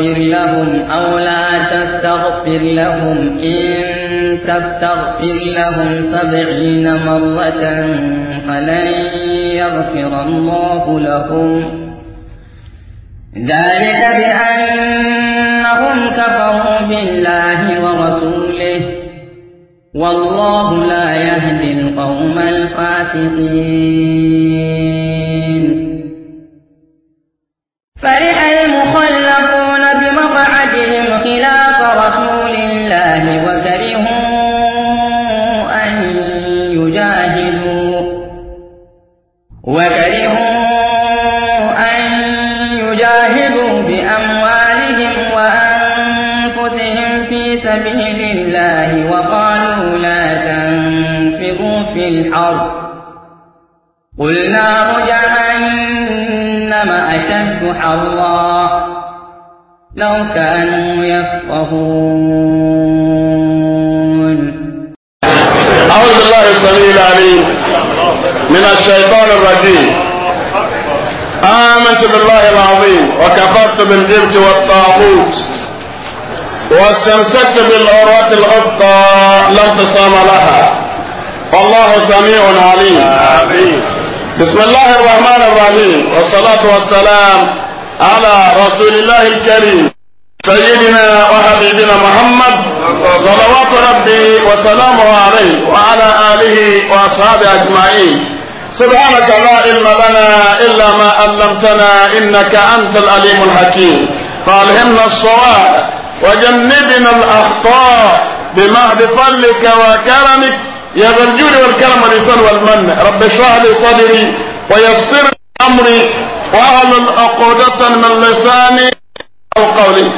تستغفر لهم أو لا تستغفر لهم إن تستغفر لهم سبعين مرة فلن يغفر الله لهم ذلك بأنهم كفروا بالله ورسوله والله لا يهدي القوم الفاسقين فرح قل نار جهنم أشد حرا لو كانوا يفقهون أعوذ بالله السميع العليم من الشيطان الرجيم آمنت بالله العظيم وكفرت بالجبت والطاغوت واستمسكت بالعروة الأفقى لا انفصام لها والله سميع عليم آمين بسم الله الرحمن الرحيم والصلاة والسلام على رسول الله الكريم سيدنا وحبيبنا محمد صلوات ربي وسلامه عليه وعلى آله وأصحابه أجمعين سبحانك لا علم لنا إلا ما علمتنا إنك أنت العليم الحكيم فألهمنا الصواب وجنبنا الأخطاء بمهد فضلك وكرمك يا ذا الجود والكرم والإحسان والمن رب اشرح لي صدري ويسر لي أمري وأهل عقودة من لساني أو قولي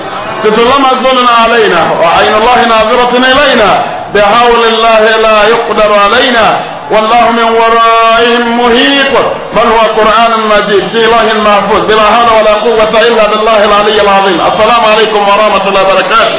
سيد الله مزبول علينا وعين الله ناظرة إلينا بحول الله لا يقدر علينا والله من ورائهم مهيق بل هو قرآن مجيد في الله المحفوظ بلا حول ولا قوة إلا بالله العلي العظيم السلام عليكم ورحمة الله وبركاته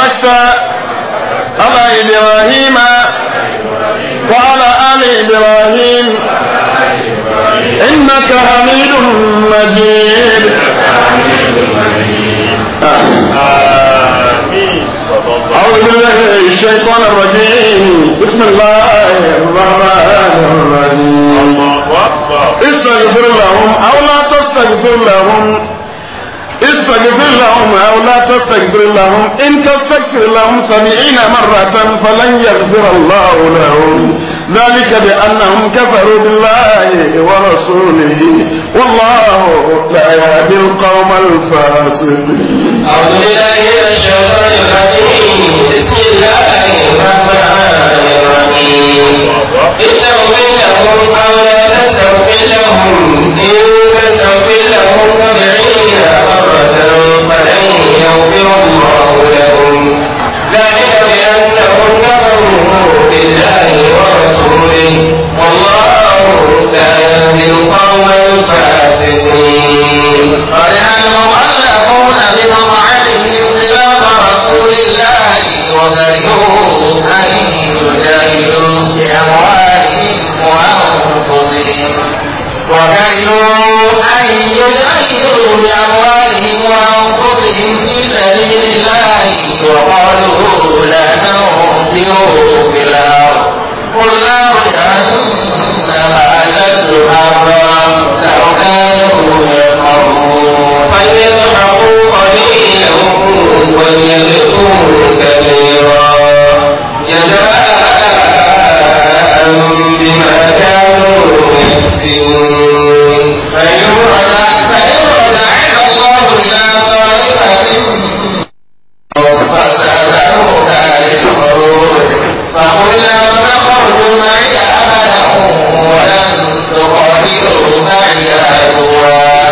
على إبراهيم وعلى آل إبراهيم إنك حميد مجيد أعوذ بالله من الشيطان الرجيم بسم الله الرحمن الرحيم استغفر لهم أو لا تستغفر لهم استغفر لهم أو لا تستغفر لهم إن تستغفر لهم سبعين مرة فلن يغفر الله لهم ذلك بأنهم كفروا بالله ورسوله والله لا يهدي القوم الفاسقين أعوذ بالله من الشيطان الرجيم بسم الله الرحمن الرحيم لتغفر لهم أو لا تستغفر لهم إن تستغفر لهم سبعين مرة فلن يغفر الله لهم ذلك بأنهم كفروا بالله ورسوله والله لا القوم الفاسقين قد المخلفون بمقعدهم خلاف رسول الله وكرهوا أن يجاهدوا بأموالهم وأنفسهم وكرهوا أن يجاهدوا بأموالهم وأنفسهم في سبيل الله وقالوا لا ينذروا بالله قل نار جهنم أشد حرا لو كانوا يفقهون فليضحكوا قليلا وليبكوا كثيرا جزاء بما كانوا يكسبون فيوعى معي أبدا ولن تقاتلوا معي عدوا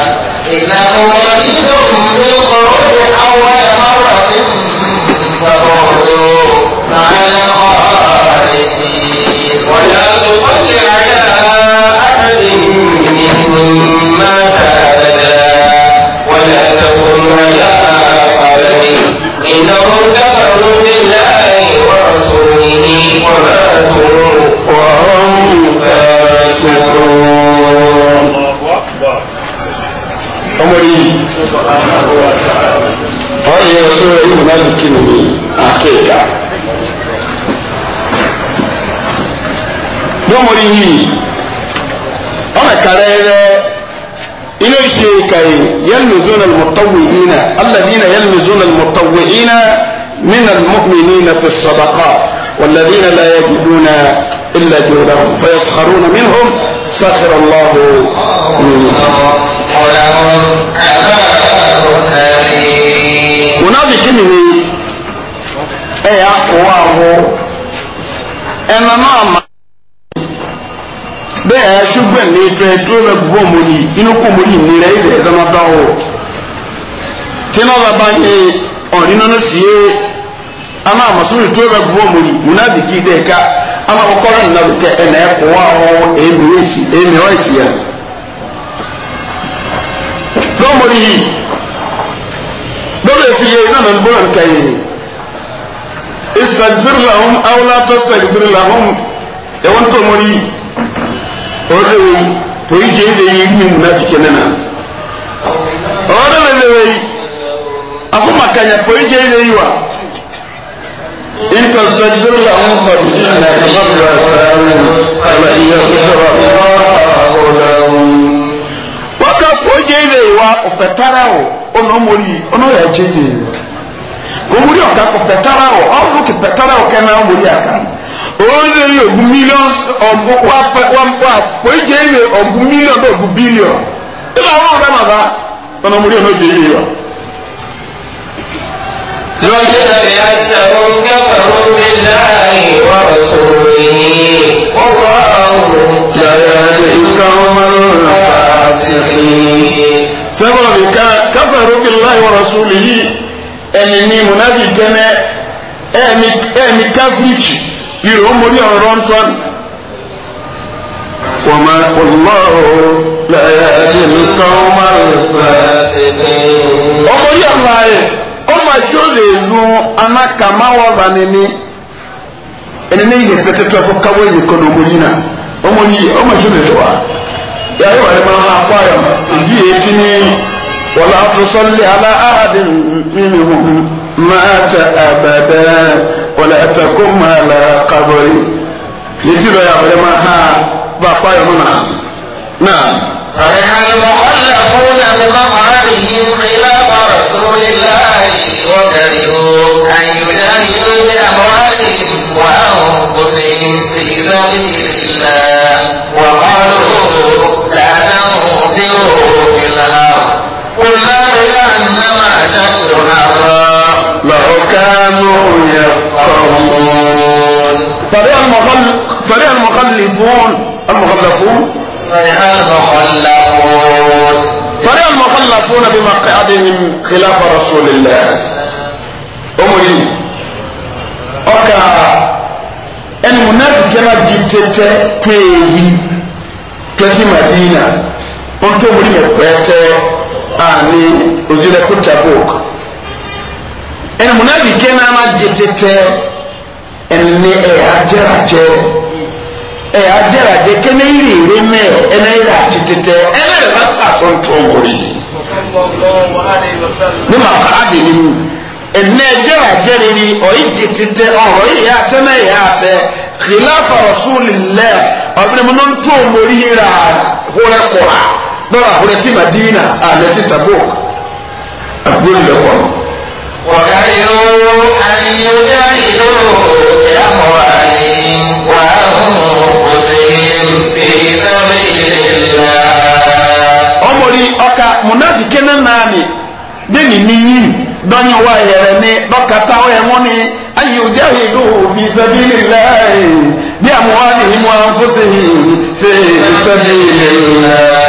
إنه ولي سبحانه وتعالى هذه صورة لا يمكنني أعطيها lómori yìí ọmọ kàrẹ rẹ ilé iṣẹ kàrẹ yẹlmizuna almutawiyina aladina yẹlmizuna almutawiyina mina almu'minina fi sadaqa waladina la yajiduna illa jurahum fayaskaruna minhum sakhira allahu minhum. munafiki ni wei ɛyɛ akowa aho ɛna no ama bɛyɛ ɛsugbɛ ne tɔ ɛtuo bɛ kufo omori inoko omori nira ɛyɛ ɛzɛ no dɔ ama amasoro tuo bɛ kufo munafiki ka ama esiye ina na mbona nkaye istagfir lahum aw la tastagfir lahum e won to mori o de wi to ije de yi ni munafike nana o de le wi afu makanya to ije de yi wa in tastagfir lahum fa inna qabla salamin ala yaghfir Allahu lahum waka fo je de wa opetara o ono mori ono ya jeye omori ọka kọ pẹtara ọ ọfọ kì pẹtara ọ kẹna omori aka oye yi ogun millions ọgbọ wa wa po eje ere ogun million ogun billion ẹ bá wọn ọdọ màbá ono mori ono jeye wa. ذلك بأنهم كفروا بالله ورسوله والله لا يهدي القوم الفاسقين سبب كفروا بالله ورسوله ẹnìní múnábì gẹ́nẹ́ ẹ̀mí káfíríkì yìí ó mórí ọ̀rọ̀ ń tọ́ni wàmà ọlọ́run láyé àjẹmí kan máa ń fà á sí ní. ọmọ yàrá yẹn. omasholezu anakamawavanene enene ihe petetwafo kawenyeko nomulina omuli omasholezuwa yayewalemahakwayo ndiyetini wala tusalli ala ahadin minhum mata abada wala takum ala qabri yetilo yabalemaha vakwayo nona na. فرح المخلفون بمقعدهم خلاف رسول الله وكرهوا أن يجاهدوا بأموالهم وأنفسهم في سبيل الله وقالوا لا تنفروا في الأرض قل نار جهنم أشد حرا لو كانوا يفقهون فرح المخلفون المخلفون فرح المخلفون بمقعدهم خلاف رسول الله أمري أكا المنافق كما جتت تيهي تتي مدينة أنت أمري مكويت أني أزيلة كتابوك المنافق كما جتت أني أعجرجه ẹ ajẹ́rajẹ kẹ́nẹ́ ìrì ìrè mẹ́ ẹ̀nẹ́ ìrè àtìtìtẹ́ ẹ̀nẹ́ rẹ̀ bá sàṣọ́n tó wọ̀rì. ní màá kọ́ adìyẹ mu ẹ̀nẹ́ ajẹ́rajẹ rírì ọ̀yí tìtìtẹ́ ọ̀rọ̀ yìí yà tẹ́ náà yà tẹ́ kìláfà rasulillah ọ̀bìnrin mu ló ń tó wọ̀rì rà wọ́rẹ́ kọ́ra lọ́wọ́ àwòrẹ́ tí madina àlẹ́ tí tabuk àbúrò lẹ́kọ̀ọ́. وكرهوا أن يجاهدوا بأموالهم وأنفسهم في سبيل الله أمري أكا wa yɛrɛ ni dɔkata wa yɛ ŋɔni ayi o jahi do fi sabili laayi bi amuwa ni himu anfusihi fi sabili laayi.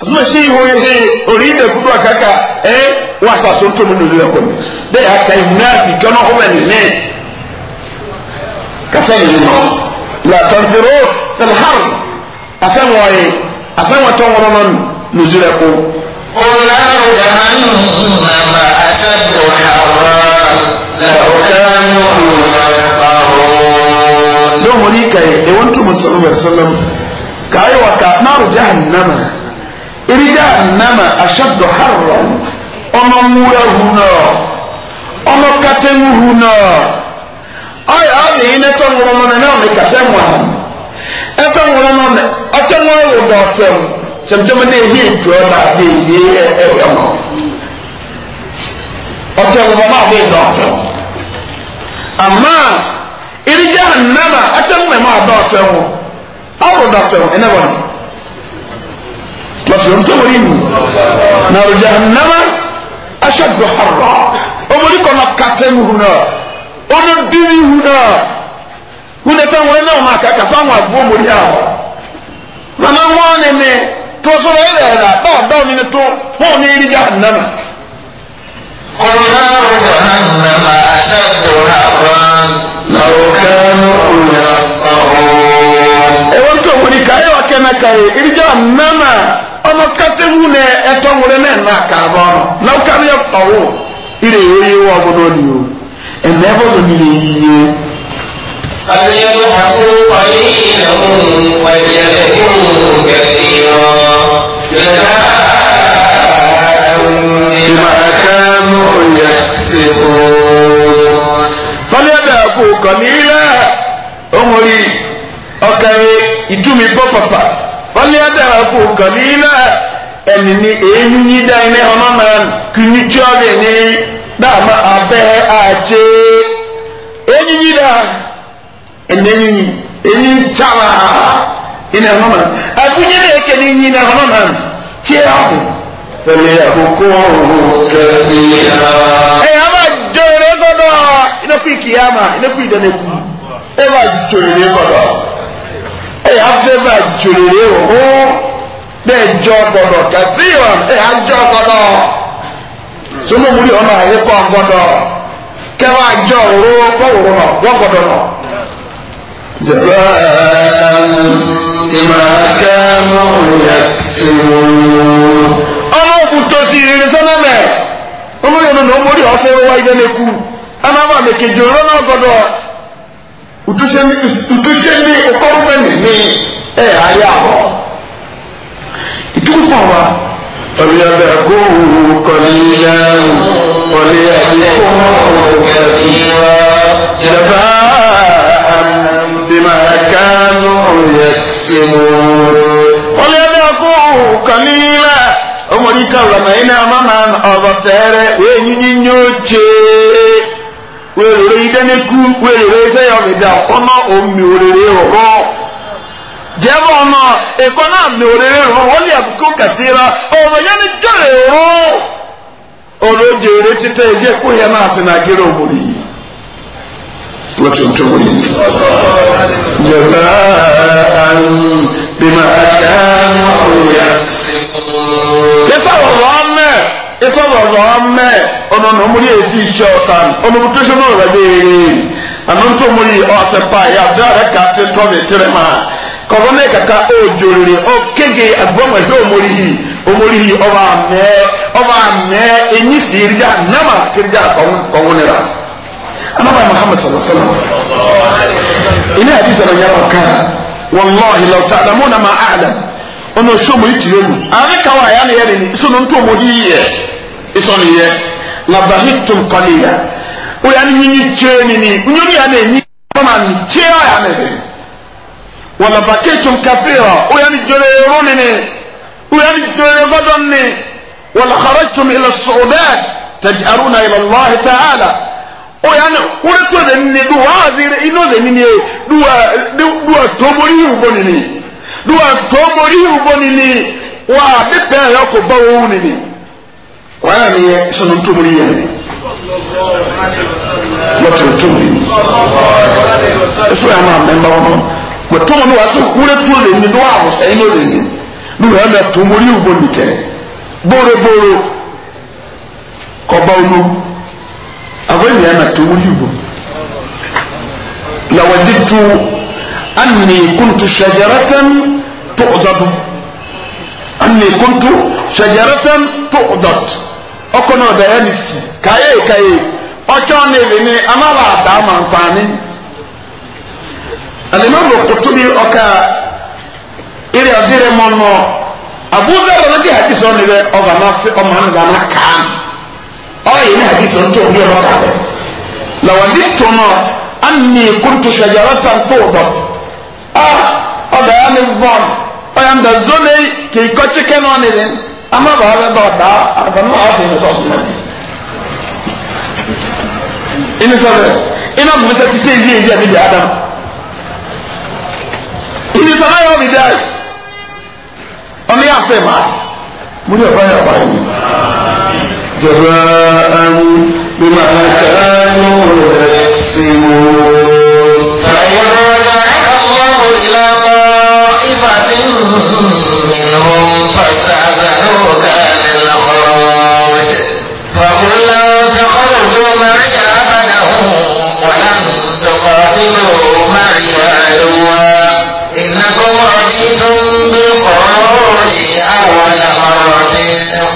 asuma se yi hoye he ori ne kudu akaka ɛɛ wasa so ntomi nuzu yɛ kɔmi de y'a ka munaafi gana hɔbɛ ni ne kasa yi nɔ la tɔnsoro filhar asan wɔye asan wɔ tɔn wɔrɔ nɔnu nuzu yɛ ko. wòláwò jahannama aṣáájú hàrá làwùkánú lọ́wọ́ ní kàyé ewu ntoma sọ̀rọ̀ bẹ̀rẹ̀ sọ́lọ́m kàyé wà ká náà jahannama irija nama aṣadu harro ọmọ nwura huno ọmọ katem huno ọyọ ọdị yi n'ẹtọ nwụrụ mọ n'ẹnẹ ọmị kasẹ mụ ahụ ẹtọ nwụrụ mọ mẹ ọtọ mụ ọwụ dọ ọtọm tẹmtẹm na ehi etu ọ na adị eyi ẹ ẹ ẹ mọ ọtọ mụ mọ adị dọ ọtọm ama irija nama ẹtọ mụ mẹ mọ adọ ọtọm ọwụ dọ ọtọm ẹnẹ wọn lọ́sọ̀rọ̀ tó wọlé mi nàró jahannama aṣáájú ọ̀rọ̀ ọmọdé kọ́nà kàtẹ́nu hù náà ọ̀nà dínní hù náà hù náà fẹ́ wọlé náà máa kàkà fáwọn àgbo mọ̀ yá o màmá wọn ni mi tó sọ̀rọ̀ ẹ̀rẹ̀ ẹ̀rẹ̀ báwo báwo ni tó wọn ní eré jahannama. قلنا جهنم أشد حرا لو كانوا يفقهون. إيه وأنتم ولي كاي وكنا كاي إرجع النمى ọmọ katemu na ẹtọ nwere na ẹna akaaba ọnọ na ọkara ya ọwụ ire oyi wa ọgbọdọ dị o ẹnna e ẹfọ so mi na eyiye. Aliyu hafu wali ilahu wajalehu kasiro jaza bima kanu yaksibu. Fọlẹ́ bẹ̀rẹ̀ kú kọ̀ ní ilẹ̀ ọmọ rí ọkà ìdúmi bọ́ pàpà ọlẹ́dàáfò kọ̀lílà ẹni ní èyí yí dá iná ọmọ máa kìíní tí ó lè ní dàmú abẹ́ àjẹ́ èyí yí dá ẹni ní èyí ń tàwà iná ọmọ máa àfúnyẹ́ lè kéde yí iná ọmọ máa tí ẹ ọ̀hún. Tẹ̀lé àkókò kẹsì yá. Ẹ yà máa jọ eré gbọ́dọ̀ inú kú ìkìyàmà inú kú ìdánilẹ́kù. Ẹ ẹ̀yà fẹ́fà jòlèrè òhún bẹ́ẹ̀ jọ gbọdọ̀ kẹfíhàn ẹ̀yà jọ gbọdọ̀ sunumuli ọ̀nà ayékọ́ gbọdọ̀ kẹwàá jọ òru kọ́wòrò nà wọ́n gbọdọ̀ nà. jẹ̀rọ mú tó sọ́nà mẹ́ ọmọ yẹn ọmọdé ọ̀sẹ̀ ẹ̀ máa bá mi kejì náà gbọdọ̀. ntúnṣe ní ọkọ̀ọ̀fẹ́ni ní ẹ̀ ayé àwọ̀ ìtúkùfà wa. فليبكوا قليلا وليبكوا كثيرا جزاء بما كانوا يكسبون فليبكوا قليلا ọmọdé kan lọmọ yìí náà máa ń ọ̀rọ̀ tẹ́rẹ̀ wẹ́ẹ́ yín yín yóò wèrè ìdẹ́nẹ́kú wèrè sẹ́yọ̀mìdà ọ̀nà omi òrèrè ọ̀rọ̀ jẹ́wọ́ ọ̀nà ẹ̀kọ́ náà mi òrèrè ọ̀rọ̀ wọ́n lè àbùkù kàfíra ọ̀rọ̀ yẹn ní jọ̀rẹ̀ ọ̀rọ̀ ọ̀rọ̀ oúnjẹ eré títẹ́ ẹ̀jẹ̀ kó yẹn náà sì náà gẹ́rẹ́ òmùrì yìí lọ́tí ọ̀tọ́ wọ́n yìí. jẹ̀bá àrùn bímọ àdáhùn ọ̀rọ̀ yà. kẹsàn-án ọ̀rọ̀ ọ̀n isɔzɔzɔ amɛ ɔno na ɔmo de esi ihyɛ ɔtan ɔmo mo tohyɛ no ɔrɔ beere ano nto mo yi ɔsɛ pa yɛ adi a ɛka te tɔ ne tere ma kɔbɔ ne kaka ɔdyorere ɔkeke agbɔn ɛhwɛ ɔmo yi ɔmo yi ɔba amɛ ɔba amɛ enyi si erigya nama kerigya kɔngo ne ra anaba muhammed sallallahu alaihi wa sallam ɛnna adi sɛ na nyɛ ɔka wɔn na ma ɔna ɔhyɛ ɔmo etire mu adaka wa ya ne yɛ ne ni so no ntoma ɔde yɛ esɔ ne yɛ labahi tum kɔne ya ɔya ne nyinyi kyee ne ni nyoni ya ne nyi ɔma ne kyee ɔya ne ne wɔlabake tum kafe hɔ ɔya ne gyere ɛro ne ne ɔya ne gyere ɛbɔdɔn ne wɔlakaratum ila sɔɔdɛ tajaruna ila allah ta'ala ɔya ne wɔretɔ de ne do wa azere ino de ne ne do a do a tɔmori yi wɔ ne ne. duwa tomori ubo nini wa bepe ya ko ba wo nini wa ni ye sunu tomori ye lọtọ tomori ya ma memba wo ko tomo wa aso kure tu ni se ni le ni duwa na tomori ni boro boro na tomori ubo أني كنت shajaratan تعضد أني كنت شجرة تعضد ọkọ̀nà ọ̀dọ̀ ẹni sì káyé káyé ọjọ́ níbi ni amára àdáàmà nfààní alimami kutu bi ọka iri ọdiri mọ nọ abúlé ọdọ di hadisi ọ níbẹ ọba n'asẹ ọmọ anigba n'aka ọyẹ ní hadisi ọdún tó ń bí ọba kàlẹ làwọn di tó nọ ànni kuntu ṣẹjọrọ tó tó dọ ọdọ ah, ya ni vọn ọya nda zone ke ikọ chike na ọni ni ama ba ọbẹ ba ọda agbanu ọfi ni bọ fún mi. ini sọrọ ina bu sẹ títí evi evi ẹbi di adam ini sọrọ ayọ bi dẹ ọni yà sẹ ma mo ní ọfọ yà wá yìí. جزاء بما كانوا يكسبون فإن رجعنا الله إلى طائفة منهم فاستأذنوك للخروج فقل لا تخرجوا معي أبدا ولن تقاتلوا معي علوا إنكم رضيتم بالقرار أول مرة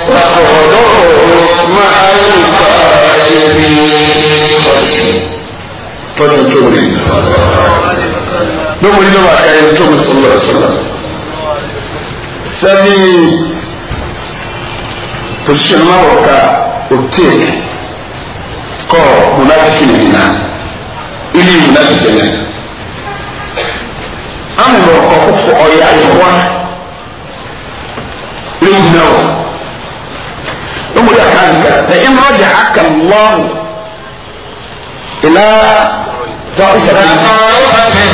فاقعدوا مع القائمين lóko nínú wa káyọ tó mi fún lọ sọlá sani posisiyon náà wọ ká o tẹ kọ munafiki nìyí náà ilé munafiki nìyí amu lọ kọ kókó ọyà ìwá lẹ́yìn náà lóko yà ká nìyà ẹ ẹ má dà á kà lọ́wọ́ ìlà tó ìṣẹ̀lẹ̀.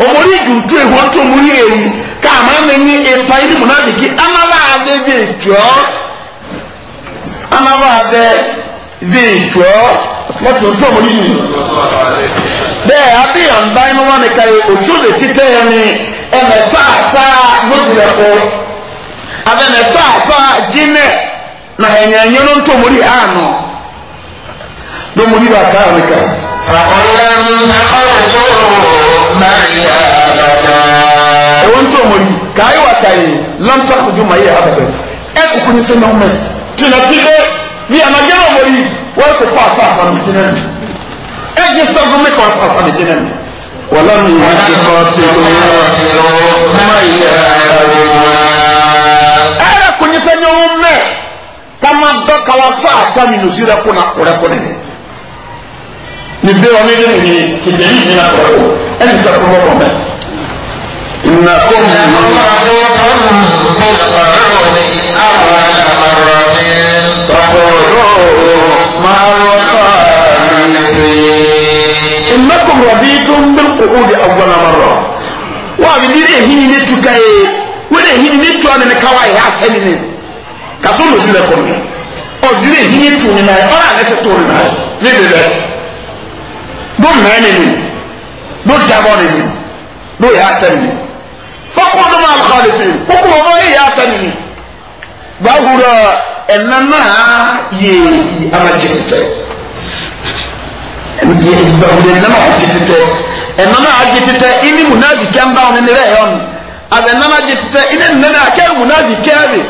omori ju ntu eyi ka ama menye epa yi mu n'adigi anaba ade bi etuo anaba ade bi etuo lọtọ ntu omori mi bẹẹ adi ọndan mu wani ka yi osu de titẹ yẹ ni ẹnẹ saasa na ẹnyẹnyẹ فقلن تخرجوا معي أبدا وانت أمري كاي وكاي لن تخرجوا معي أبدا أكو كوني سنة أمي تنتيجة بي أنا جل أمري وانت قاس أصلا جنان أجي سأقوم قاس أصلا جنان ولم تقاتلوا معي أبدا أكو كوني سنة أمي kama dɔ kala sa sa minnu si rɛ kuna o rɛ kɔnɛ nibe wa ne ne ni kete ni nyina ko en sa so ko me na kum maradun bil qaruni awwala marratin tahuru ma innakum raditum bil qu'ud awwala marra wa bi dire hini ne tukaye wala hini ne tuwa ne kawai ha sani ne kaso lo sule ko ni o dire hini tu ni na o ala ne to ni na ne be ló mẹ́rin nínú ló jábọ́ nínú ló yà á tẹ̀ nínú fọ́kùnrin máa lọ́kọ́ lè fi kókó wọn ló yà á tẹ̀ nínú. gbàgùrọ̀ ẹ̀nà náà yẹ èyí amájẹ títẹ̀ gbàgùrọ̀ ẹ̀nà náà jẹ títẹ̀ ẹ̀nà náà jẹ títẹ̀ ìní múnáàbì kẹ́ńbà wọn ní rẹ̀ yọ̀ nù àbẹ̀ ẹ̀nà náà jẹ títẹ̀ ìní nínú akẹ́rù múnáàbì kẹ́rì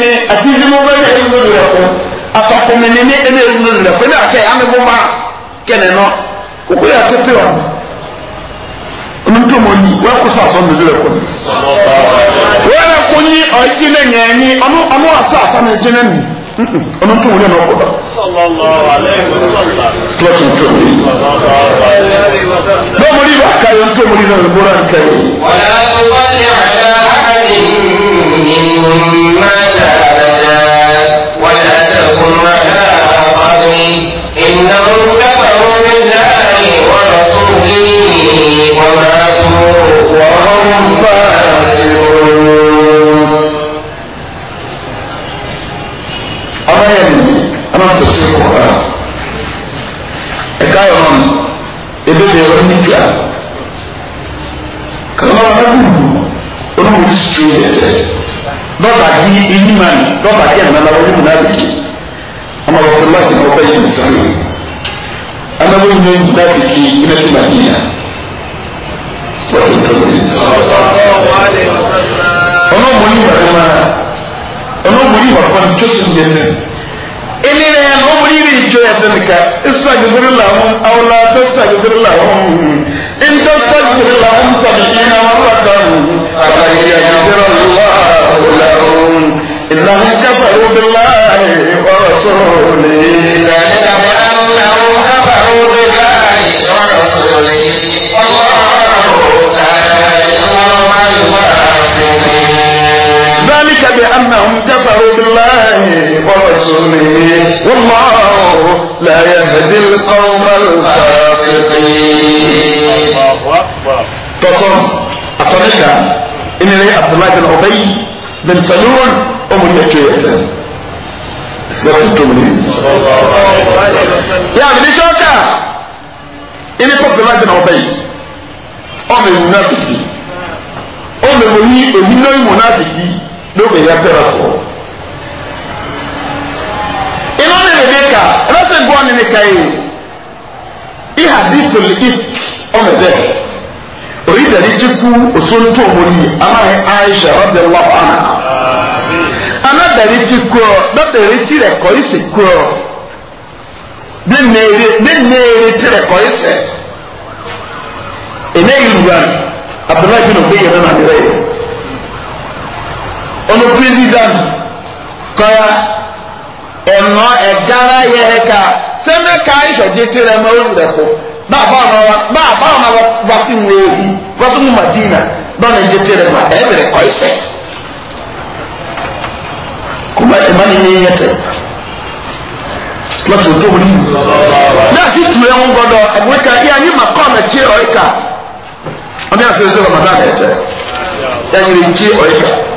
ni àti ìdí mú bẹ́ẹ̀ ní ẹ̀yìn lórí ẹ̀kọ́ akɔkɔmini ni ɛna ezunu ni lɛkɔ ɛna akɛ ame boma kɛnɛ nɔ koko yɛ atepe wa ɔno tó mo ni wɔn akɔ so asɔ ndodo lɛkɔ ni wɔn akɔ nyi ɔgyina nyɛnyi ɔno ɔno asɔ asa na gyina ni ɔno tó ni ɛna ɔkɔ kilasi ntó ni bɛn mo wa ka yɛ ni na bora nka yɛ. wàlá wàlá àhàlì mi ò má كفروا بالله ورسوله وماتوا وهم فاسقون أما يمني أما تفسير القرآن ẹ̀ka ọ̀hún ebèbè ọ̀hún nídìá kàlọ́ ọ̀hún olóhùn sísú ẹ̀tẹ̀ dọ́gba di enyimani dọ́gba di ẹ̀nàmọ́ amadu ni láti kí iná tí ma kí ya. ọ̀nà òmùrí ìwà kan máa ọ̀nà òmùrí ìwà kan tó ti ń yẹtẹ. ilé rẹ̀ ọ̀nà òmùrí ìrì ìjọ yàtọ̀ nìkan ìsọ àgbẹ̀fẹ́rẹ́ làwọn àwọn àtọ́sọ àgbẹ̀fẹ́rẹ́ làwọn ìtọ́sọ àgbẹ̀fẹ́rẹ́ làwọn sàbí iná wọn bàtà àbáyé àgbẹ̀fẹ́rẹ́ lọ́wọ́ àwọn ìlànà káfà ìwọ́bẹ̀lá ìwọ́rọ̀ sọ̀rọ̀ lè بأنهم كفروا بالله ورسوله والله لا يهدي القوم الفاسقين الله أكبر تصم أطريقا إن لي عبد الله بن أبي بن سلول أم يكيت سرعتم لي يا ابن شوكا إن عبد الله بن أبي أم المنافقين أم المنافقين lóbi yẹ pẹrẹ so iná ní nìdí ka ẹlẹsẹ gbọ́ ní nìka yìí ìhà dìtò ìfk ọmọ ẹdẹ orí dàdí tí kú osonto omori amáyé aisha ọdẹ lọwọ àná aná dàdí tí kú ọ dàdí tí rẹ kọ ìsì kú ọ bí nèrè bí nèrè tí rẹ kọ ìsì ẹ náà yìí wúwa abdullahi bin obeyi nana nira yìí ono president kɔra ɛnɔ ɛdzara yɛ hɛ ka sɛmɛ ka ayisɔdze ti rɛ mɛ ozu rɛ ko báàbá ọ̀nà wa báàbá ọ̀nà wa wá sí mu èyí wá sí mu madina lọ́nà ìdí ti rẹ̀ ma ẹ̀ bẹ̀rẹ̀ kọ́ ẹsẹ̀ kọ́má ẹ̀ma ni yẹn yẹ tẹ̀ lọ́tù tó wọlé mu náà sì tu ẹ̀ ń gbọ́dọ̀ àbúrẹ́kà yẹ anyi ma kọ́ ọ̀nà kí ọ̀ẹ́kà ọ̀nà yà sẹ́sẹ́ ramadan ẹ̀ tẹ̀ yà nyere nkí ọ̀ẹ́kà.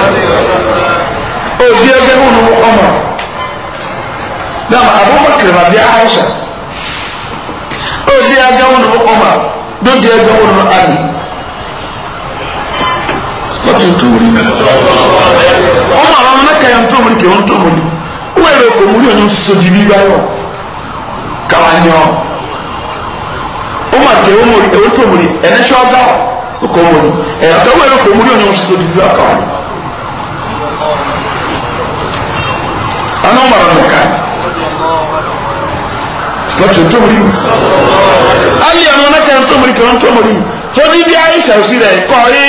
obi ɛbɛ wo no ɔma dama abubakar rabi aisha obi ɛbɛ wo no ɔma dodi ɛbɛ wo no ali ɔtí ntomori ɔma ɔma ne kaya ntomori kɛ ntomori wɛrɛ omori ɔnyɛ soso bibi ba yɔ kawa nyɔ ɔma kɛ omori ɛwɔ ntomori ɛnɛ sɛ ɔda ɔkɔ omori ɛyà kɛ wɛrɛ omori ɔnyɛ soso bibi ba kawa nyɔ. ana mara nìka tọ́tù ntọ́mọ̀rí ali ọ̀nà ọ̀nàkà ntọ́mọ̀rí kọ̀ ntọ́mọ̀rí hóni bí ayé ṣàwùsí rẹ̀ kọ́ ẹ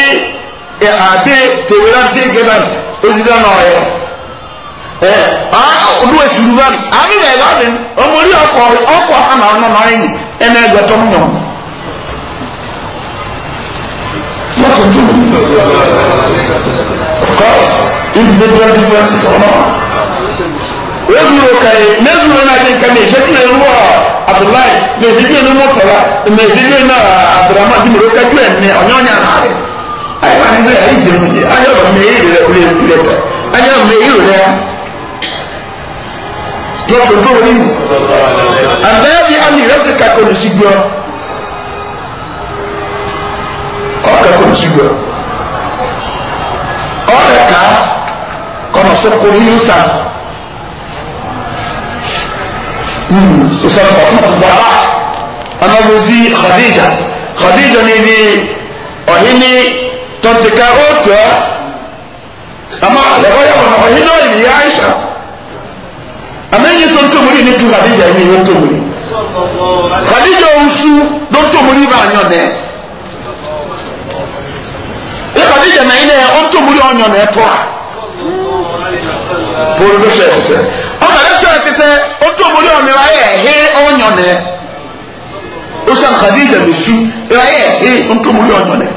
àdé tèwéré àti gẹ́dà òdìdá náà a ẹ ọdún èsìlú van àbí rẹ̀ of course individual differences or not. wezuro kai mezuro na jin ka me shedu en ruwa abdullahi me shedu en mutala me shedu en abdurrahman di muro ka tuen ne onyonya na ale ai ba ni se ai je mu je ayo ba me yi re kule kule ta ayo me yi re to to to ni annabi ali rasika ko ni sigwa o ka ko ni sigwa o ka kɔnɔ so ko hiru san ìsọ̀rọ̀ ọ̀fọ̀fọ̀fọ̀fọ̀ ọ̀nàbù sí khadija khadija ni ni ọ̀hín ní tọ́ntìkà ó tọ́ àmọ́ àlẹ́kọ́ yà wọ̀n ọ̀hín náà ìyá àìsà àmẹ́yìn sọ ntòmùrì ní tu khadija ní ìyá ntòmùrì khadija oṣù ló ntòmùrì bá àyàn nẹ ní khadija náà yìí náà ọ̀ntòmùrì ọ̀yàn nẹ tọ́ a. Fọlọ́dún ṣe ẹ̀fẹ̀ kete otu omori ọmọ ayé ẹhẹ ọnyọ nẹ oṣù àkàdíjà lẹsù ayé ẹhẹ otu omori ọnyọ nẹ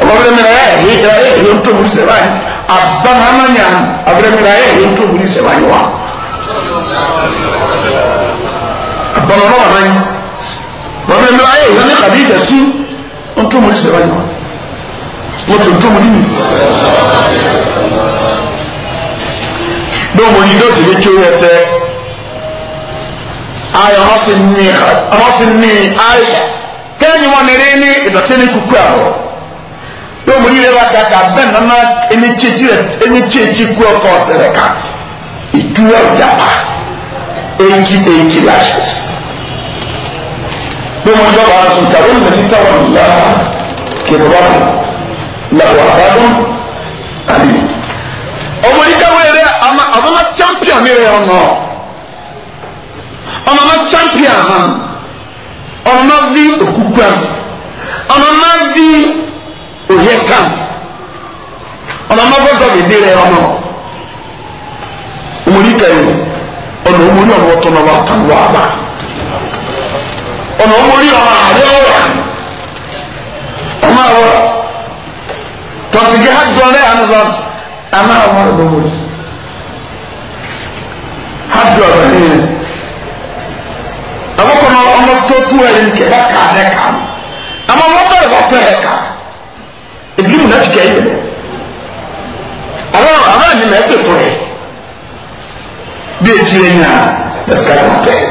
ọlọpàá mi ayé ẹhẹ ayé ẹhẹ otu omori sẹba yẹn abana amanya abẹrẹ mi ayé ẹhẹ otu omori sẹba yẹn wa abana ọlọpàá amanya ọlọpàá mi ayé ẹhẹ ọnyọ lẹsù otu omori sẹba yẹn wa wọn tuntun omori mi domoni dosi bi tso yɛ tɛ ayɔ ɔsi ni ɔsi ni ayisa kɛnyɛ wɔn nere ni ìdɔtí ni kuku awɔ domoni yɛ ba kaka bɛn nana ɛni tsitsi rɛ ɛni tsitsi ku ɔkɔ sɛrɛ ka ìdúró japa eighty eighty lashes domoni dɔ b'a sɔn ta o nana ni ta wɔn la kebaba la ba dɔn ali ɔmɔdikawe ọ̀bọ̀nà champion rẹ̀ ọ̀nà ọ̀nà champion hàn ọ̀nà vi òkúkúà ọ̀nà vi òye kàn ọ̀nà mọ́gbọ́dọ̀ mi dé rẹ̀ ọ̀nà òmùrí kẹyìn ọ̀nà òmùrí ọ̀nà ọ̀tọ̀ náà wà kàn wà bá ọ̀nà òmùrí ọ̀nà àrẹ ọ̀rà ọ̀nà ọ̀rọ̀ tọ̀tìgì hajj ọ̀rẹ́ àmì sọ àmà ọ̀nà ọ̀dọ̀ òmùrí hadu abahiri ɛmu kɔnɔ ɔmu tó tu ɛyin kɛ ɛbɛ ka ɛbɛ ka ɛmu ɔmu tó ɛbɛ tó ɛbɛ ka ebi mu n'afi kɛ ɛyin mɛ ɔmu ɔmu ɛyin mɛ ɛtɛ tó yɛ bi eti yɛ nya ɛsika yɛ tó yɛ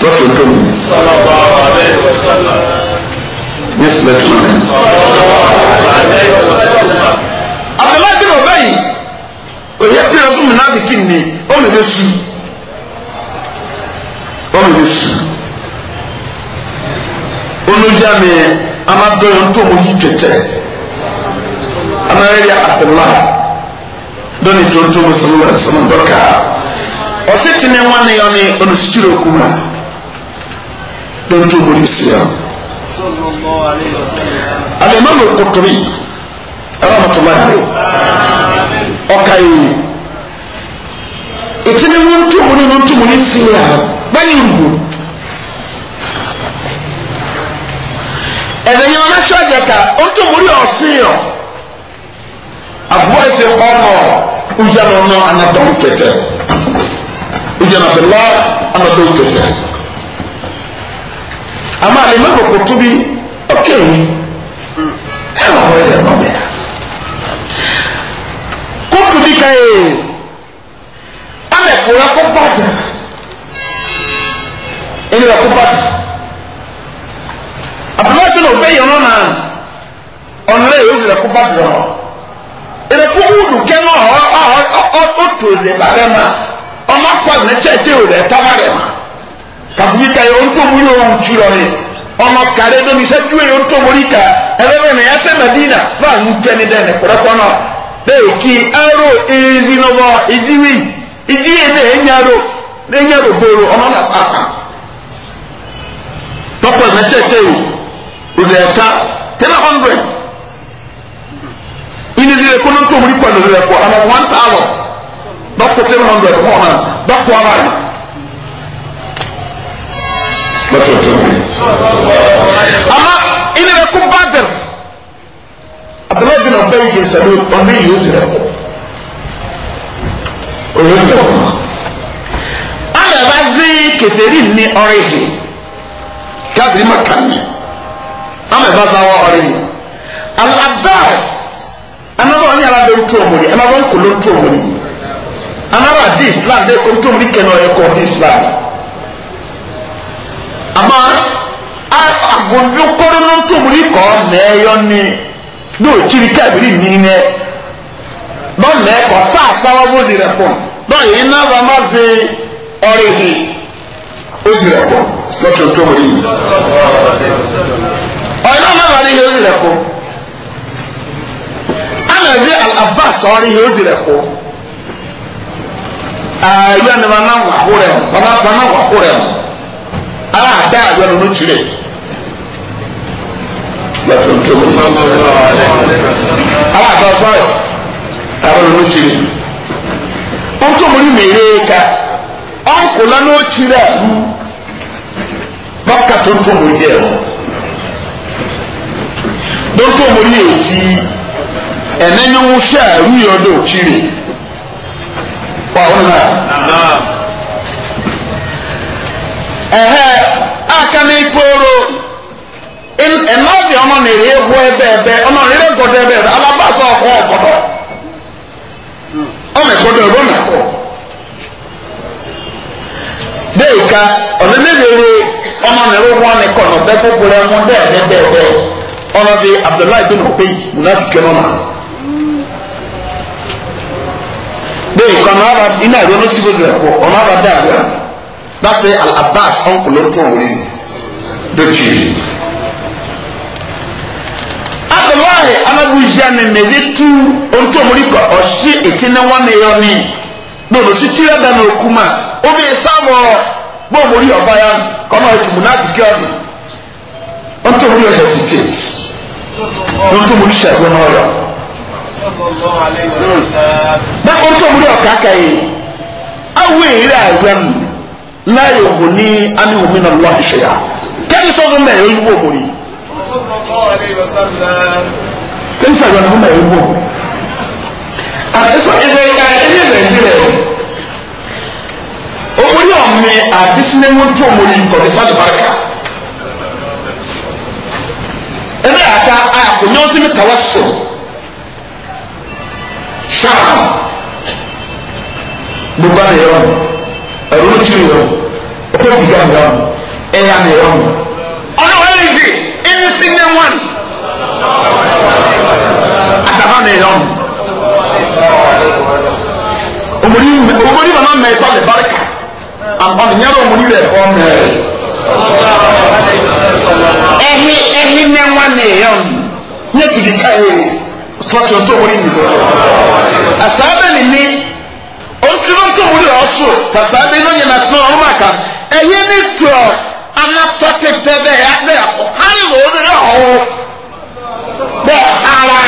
tó tó tó mu. Yes, let's do it. Abdullahi bin Obeyi oyɛ pere so mena de kin ni ɔmo de su ɔmo de su onodua mi amadɔ yɛn tó mo yi tɛtɛ anayɛ yɛ atela dɔnni tonto mo sɔrɔ wɛrɛ sɔrɔ dɔka ɔsi tini wani yɛ ni onosikyiri okuma tonto mo yi si yɛ alimami kotori ɛrɛ mo tó ma yɛ ɔkae ɛtini no ntom ne no ntom ne sie a bɛyɛ ngu ɛdɛnyɛma no hyɛ agya ka ɔntom ne ɔsee ɔ aboa ɛsɛ ɔnɔ ogya no no anadɔw tɛtɛ ogya no bela anadɔw tɛtɛ ama ɛma kɔkɔto bi ɔkɛyi ɛwɔ hɔ yɛ ɛma bɛ to di ka ye ana kura ko bada ɛni ra ko bada abdullahi bin obe yi ɔno na ɔnara yi o fi ra ko bada ɔ ɛna ko wudu kɛnɛ ɔ ɔ ɔ ɔ to de ba rɛ ma ɔma kɔ ne kyɛkyɛ o rɛ taba rɛ ma kabuyi ka ye o ntɔ mu yi o wu tsi rɔ ye ɔmɔ kare domi sɛ juwe o ntɔ mu yi ka ɛlɛ bɛ na yɛ tɛ madina ba nu tɛ ni dɛ ne kura kɔnɔ. bẹ́ẹ̀ kí aró ezi ìdíwì ìdíyẹ náà ẹ̀yàró ẹ̀yàró bòrò ọmọ náà sàṣà pọ́pọ́ ẹ̀mẹ́ kyẹ́kyẹ́ yìí ọ̀sẹ̀ ẹ̀ta ten hundred ìnìyí ẹ̀kọ́ ló ń tó omi kọ́ ẹ̀nà ẹ̀kọ́ àmọ́ one thousand dọ́kọ̀ ten hundred fún dọ́kọ̀ lọ́tọ̀ọ̀tọ̀ bẹ́ẹ̀ yìí sẹ́lẹ̀ ọdún yìí ó sì rẹ̀ kọ́ òye kọ́ ayọ̀bá zí kẹfẹ́rì ní ọrẹ́ yìí káfíń mọ̀ká ni amẹ̀bá bá wọ ọrẹ́ yìí alabas anabọ́ ní alabẹ́ ń tó ọmọ yìí anabọ́ ń kò ló ń tó ọmọ yìí anabọ́ àdé islam dé ń tó ọmọ yìí kẹ́nà ọ̀yẹ́kọ̀ ọdún islam àmọ́ agbóhùn kóró ló ń tó ọmọ ni ní òkiri káàbìrì nìyẹn lọ́lẹ̀ ẹ̀kọ́ sáàsáwá bózi rẹ̀ pọ̀ lọ́yẹ̀ iná bàmá ṣe ọ̀rẹ́ hì ózi rẹ̀ pọ̀ lọ́tún tó wọlé yìí ọ̀yẹ́ náà bàmá ní hì ózi rẹ̀ pọ̀ anabi al-abbas ọ̀rẹ́ hì ózi rẹ̀ pọ̀ ayé ni bàmá wà kúrẹ̀ bàmá wà kúrẹ̀ ara àdá àyọ̀ ló ń tirẹ̀ lọ́tọ̀ọ̀tọ̀ aláàtọ̀ sáyọ̀ àwọn olóòtiri ọ̀tọ̀mọ̀rí mèrè ká ọ̀nkùnlá náà kyerè àlù bákà tọ̀ntọ̀mọ̀rí yẹ ọ̀ dọ̀ntọ̀mọ̀rí yẹ si ẹ̀nẹ́nyẹ́wò hyẹ́ àlù yẹ ọ̀dọ̀ òkyiri wà wọn nà ẹ̀hẹ́ àkànnì pòrò ẹ̀nà ọ̀bì ọmọ nìrí ehu ẹbẹ ẹbẹ ọmọ nìrí ẹgbọdọ ẹbẹ ẹbẹ alábàṣọ ọkọ ọgbọdọ ọmọ ẹgbọdọ ẹbọ nàkọ. bẹ́ẹ̀ ká ọ̀dẹ mẹ́rẹ̀ẹ́rẹ́ ọmọ nìrí wọn ni kọ̀ nọ̀ bẹ́ẹ̀ gbogbo rẹ̀ wọn bẹ́ẹ̀ bẹ́ẹ̀ bẹ́ẹ̀ bẹ́ẹ̀ ọ̀nà bíi abdullahi bin obeyi munafike nọ náà. bẹ́ẹ̀ ká ọ̀nà ara iná ìlú ọ̀nà síbi ìlú ẹ̀kọ́ ọ̀nà ara dáa rẹ̀ láti al-abbas ọ̀nkùnrin tó wọlé dọ̀kì abdullahi anabuja ni mèdè tu ohun omori kọ ọsí ètí ni wọn yọ ni gbọdọ sí tìrẹ dànù òkú ma omi ìsàmù ọ gbọ omori ọba ya kọmọ ìtumù náà fi kí ọdún ohun omori ọ hesitate ohun omori ṣẹgun náà yọ. na ohun omori ọkà kàyé awo èrè àwẹm láyé òhun ní anihùn mi nà lọ́ọ̀ṣẹ̀yà kẹ́ni sọ́sọ́ mẹ́rin ó yí wọ́n omori ń sàgbà fún ẹ̀ wọ̀ àtẹ̀sọ ẹ̀rọ ẹ̀ka ẹ̀yẹ lẹ́sìn rẹ̀ owó ní ọ̀mẹ àbísínẹ́wó tó ọmọ yìí kọ̀ ní sáàlì barika ẹ̀rọ àká àkùnye ọ̀sìn mi tàwa sọ ṣáà gbogbo àná yẹn wọn ẹ̀rọ ló tún yẹn wọn ọ̀pẹ̀ kìí gà wọn ẹ̀yà ni wọn ọ̀nà wọ́n yẹn fi single one àtàwọn ni yọ̀n omori omori mama mẹsà lè barika àbọ̀n nyẹ́rọ omori rẹ̀ kọ́ mẹ́rẹ̀ ẹ̀hí ẹ̀hí nẹ́wà ni yọ̀n nyẹ́ tìbí káyé sọ́tì ọ̀tọ̀ omori nìyí àsáábẹ̀ nìyí ɔntunu nto mu de ɔso tasaa bi no nyina tena ɔmo aka ɛyɛ ne toɔ anatɔ tetɛ bɛ yɛ adɛ akɔ ha lò ó lórí ọ̀hún bẹ́ẹ̀ ara.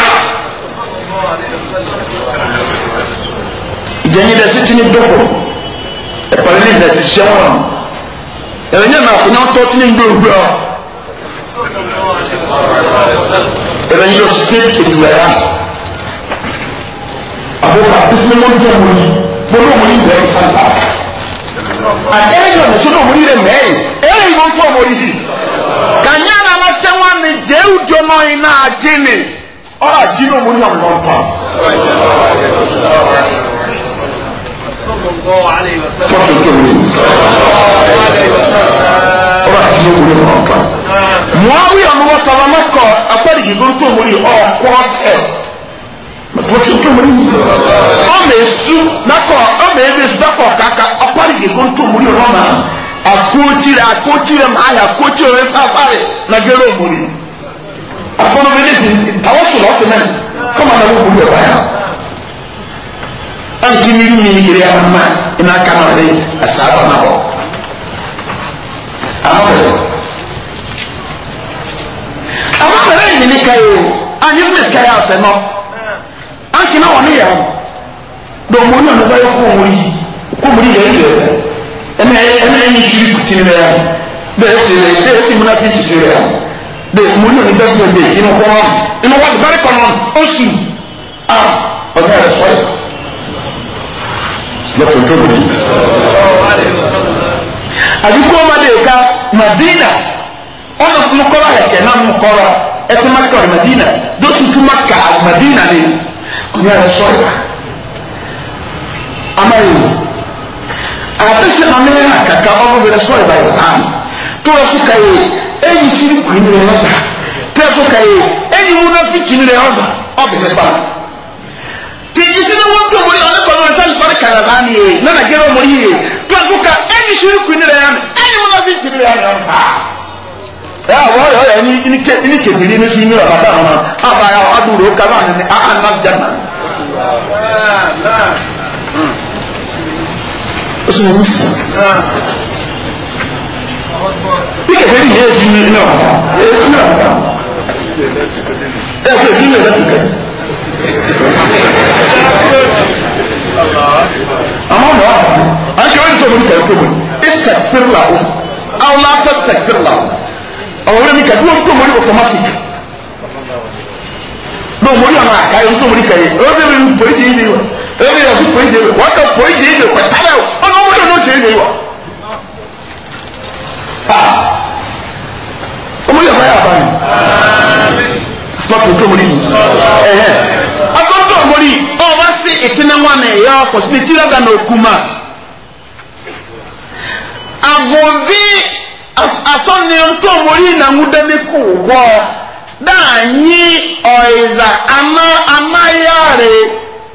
ìjẹni bẹ sí tini dọkọ ẹpàlẹ ní ìdásí ṣiṣẹ wọn ẹrẹ nyẹ náà kò ní ọtọ tini ń dọwọ ọ ẹrẹ nyẹ ọsì tini ètò ẹ yá àbúrò àkúsí mọ njọ mọ ni mọ ní òmùní ìgbà ẹ sábà àdéhùn rẹ mẹ́rin ẹ̀ṣẹ̀ wọn ni jẹ́wù jọmọ iná ajé ni ọ̀rọ̀ àjí ló mú ní ọ̀gbọ̀n tán. tọ́tù tó mi ọ̀rọ̀ àjí ló mú ní ọ̀gbọ̀n tán. muhawi ọ̀nùwọ̀ tọ̀lọ̀ mẹ́kọ̀ apẹ́rẹ́ yìí ló tó mú ní ọ̀kọ́ tẹ̀ mọ̀tò tó mú ní. ọ̀mẹ̀ èsú akotire akotire m ahịa akotire safari na gero omori akpọrọ mi n'isi tawọsụ lọsị kọma na ya a nke mmiri mmiri yiri ya mma na-aka na na ọ ahọrọ ahọrọ enyi o anyị mmiri ka ya nọ na ọ onye ya kwụ omori ya ɛnɛ ɛnɛ ni siri kuti rɛ ya bɛɛ sere bɛɛ si mana fi kuti rɛ ya bɛɛ mo ní o ní bɛɛ gbɛ bɛɛ inú kɔ wa inú wa ti bari kɔnɔ o su a ɔnà yɛrɛ sɔ yɛ lọtọ tó bìrì. àdúgbò ọmọdé ká madina ọ̀nà mọ̀kọ́lá ẹ̀kẹ́ náà mọ̀kọ́lá ẹtí maka ọ̀rọ̀ madina lọ́sù tún maka madina ni ọ̀nà yẹn sọ̀rọ̀ amáyé atese mame ha kaka ɔmo bena sɔre ba yohane tora so ka ye eyi siri kuri ne ɔza tora so ka ye eyi mu na fi kyiri ne ɔza ɔbɛ ne ba te yi siri wo to mo ni ɔne kɔnɔ ɛsɛ nkɔre kala ba ne ye na na gɛrɛ mo ye tora so ka eyi siri kuri ne ɔza eyi mu na fi kyiri ne ɔza ba ẹ àwọn ọyọ yẹ ni ni ke ni kefiri ni náà àbáyọ adúlọ kaba ó sì wọ́n sí. bí kẹfẹ́ yìí yéé sinmi náà yéé sinmi náà ẹ kò sí ìwé lẹ́kùnkẹ́. àmọ́ mọ́ àṣẹ wọ́n ti sọ̀rọ̀ nípa ẹ̀tọ́ mi o àwọn afẹ́ sẹ̀k fírìlà o ọ̀rọ̀ wẹ́n mi kẹ́ bí wọ́n tó mọ́ ní automatic ní ọmọdé ọmọ àkàyọ̀ tó mọ́ ní kẹ́yẹ ọ̀rọ̀ wẹ́n mi pọ̀ ìdí ìdí wa yóò tẹ̀ ẹ́ wọ̀. ọmọ yóò fẹ́ yà bá mi. sọ́ọ̀tù tó mọ́lì yìí. ọgọ́tọ̀ mọ́lì ọba sí ìtìnáwá náà ẹ̀yà ọkọ̀ sí ti rẹ́gà náà kú ma. àgùnbí asọ́ni tó mọ́lì náà ń dẹ́mi kú wọ́ dáa nyi ọ̀ìzà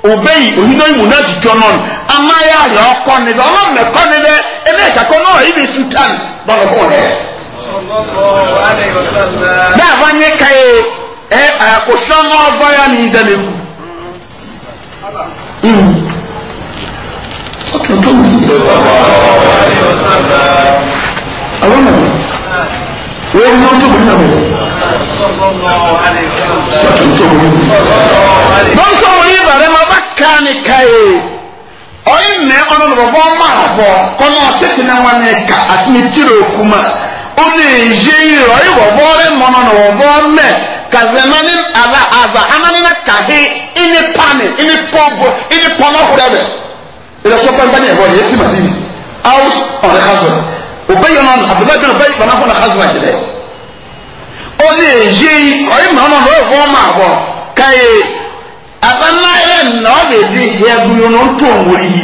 obeyi ohino imu na ti jọ nọn ama ya yọ ọkọ ni dẹ ọlọrun ẹkọ ni dẹ ẹni ẹjakọ náà ibi sutan lọnà kọ dẹ. bẹ́ẹ̀ bá nyẹ ka ye ẹ àkóso náà bá ya ni ìdálé wù. Hmm. ọtọtọ wù mí. àwọn ọmọ wọ́n mú ọtọ wù mí náà wọ̀. ọtọtọ wù mí. bọ́ńtọ̀ wù mí kae ɔyɛ mɛ ɔno no bɔbɔ ma abɔ kɔnɔ ɔsete na wɔn ka asene tiri okuma ɔne eyi yi ɔyɛ bɔbɔ rɛ mɔnɔ na bɔbɔ mɛ kazɛmani ala aza anani na kahe ɛne pani ɛne pɔbɔ ɛne pɔnɔ kura bɛ ɛdɛ sɔ pɛmpɛ ne ɛbɔ yɛ ti ma bibi awus ɔne hazɔ ɔbɛyɛ nɔn abudulayi bɛn ɔbɛyɛ bana kɔnɔ hazɔ ayɛ dɛ ɔne eyi yi ɔyɛ mɛ ɔno na ɔyɛ bɔbɔ abɔ kae hiadu yi ɔno ntɔn wuli yi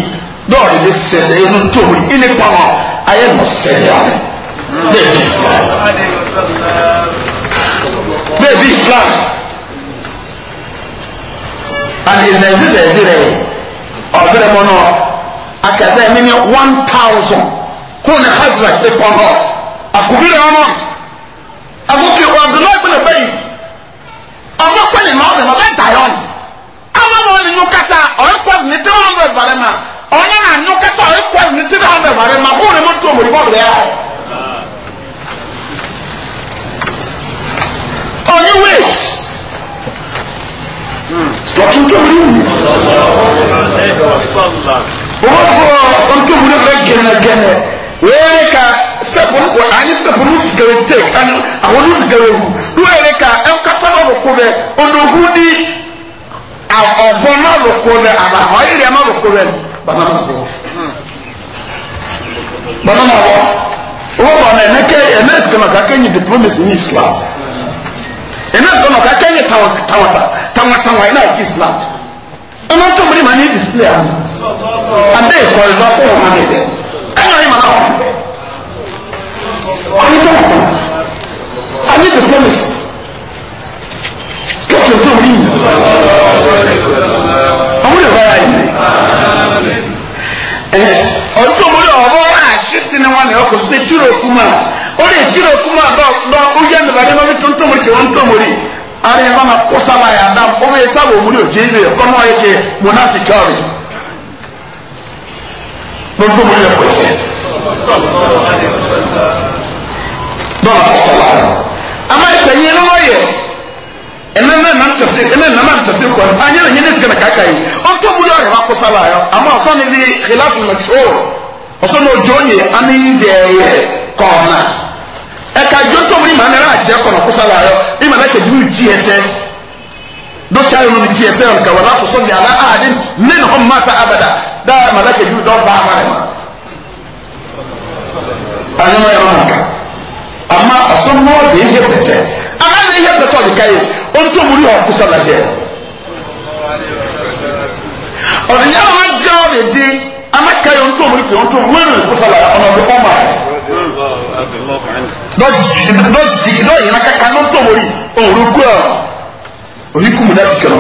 dɔɔni de sɛlɛ yi ɔno ntɔn wuli ɛni pama ayɛ nɔ sɛlɛ ayɛ bɛɛ islam bɛɛ islam and ɛsɛnsi sɛnsi rɛ ɔbɛrɛ mɔ nɔ akɛsɛ mi ni one thousand kó ne hasra ti pɔn nɔ akubi rɛ ɔnɔ akubi ɔdunɔ gbɛnɛ bɛyi ɔmɔ kpɛlɛ mɔ ɔbɛ mɔ bɛ da yɔ ni. wọn ni nyukata ọyọ kọs ni three hundred bare ma na nyukata ọyọ kọs ni three hundred bare ma kó ne mo tó wait tó wọ́n fọ ntọ́ ka ọ̀bọ náà ló kó rẹ àbá ọ̀yẹ́rì ẹ̀ má ló kó rẹ bàbá náà bọ̀ bàbá náà bọ̀ owó bọ̀ náà ẹ̀mẹ́kẹ́ ẹ̀mẹ́sì kan náà kàkẹ́yìn diplomacy ní islam ẹ̀mẹ́sì kan náà kàkẹ́yìn tàwọ̀tà tàwọ̀tàwọ̀ ẹ̀ náà kí islam ẹ̀mọ́ tó mú ní ma ní display àná àbẹ́ ìkọ̀ ẹ̀zọ́ kó wọn máa nìyẹn ẹ̀yìn ọ̀yẹ́ màá wọn ọ̀yẹ́ tàwọ̀tà àbẹ́ diplomacy kẹ́kẹ́ tó mú ní ọmọdé bọ́ra yìí ọtún ọmọdé ọ̀bọ àṣìṣe ni wọn ni ọkọ sí pé tìrò site ó lè tìrò kuma dọ ó yẹ nìbàdí wọn bí tó ń tó mori kí wọn ń tó mori ara ya fana kó sábà yà dá ó ọkọ yẹ. ɛnɛ nɛ nam tɛfsir ɛnɛ nɛ nam tɛfsir kɔn a nyɛ na nyɛ ne na kaka yi ɔn tɔ mu yɔrɔ ba kusa la yɔ ama ɔsɔ ni bi khilafu mashhur ɔsɔ ni o jɔn ye ani zɛɛyɛ kɔɔna ɛ ka jɔn tɔ mu ni maa nɛrɛ a jɛ kɔnɔ kusa la yɔ i ma na kɛ juru diɛ tɛ dɔ cɛ yɛrɛ ni diɛ tɛ yɛrɛ ka wala sɔsɔ bi ala adi ne ni hɔn maa ta abada da ma na kɛ juru dɔ fa ama yɛ ma a ɲɔgɔn yɛrɛ ma kan ama ɔsɔ mɔɔ de ye pɛtɛ ala de ye pɛtɛ ɔdi ka ye ó tó múrí ọkú sọlọjẹ ọ̀dìyà wọn jẹ́ ọ̀dẹ̀ di amákẹ́yọ̀ ń tó múrí pé ó tó múrí ọkú sọlọjẹ ọ̀nà ọ̀dẹ̀ ọmọ rẹ̀ lọ́jì lọ́yìn akẹ́kẹ́ ló ń tó múrí òru kú ọ̀ òyìnkú múná kíkẹ́ lọ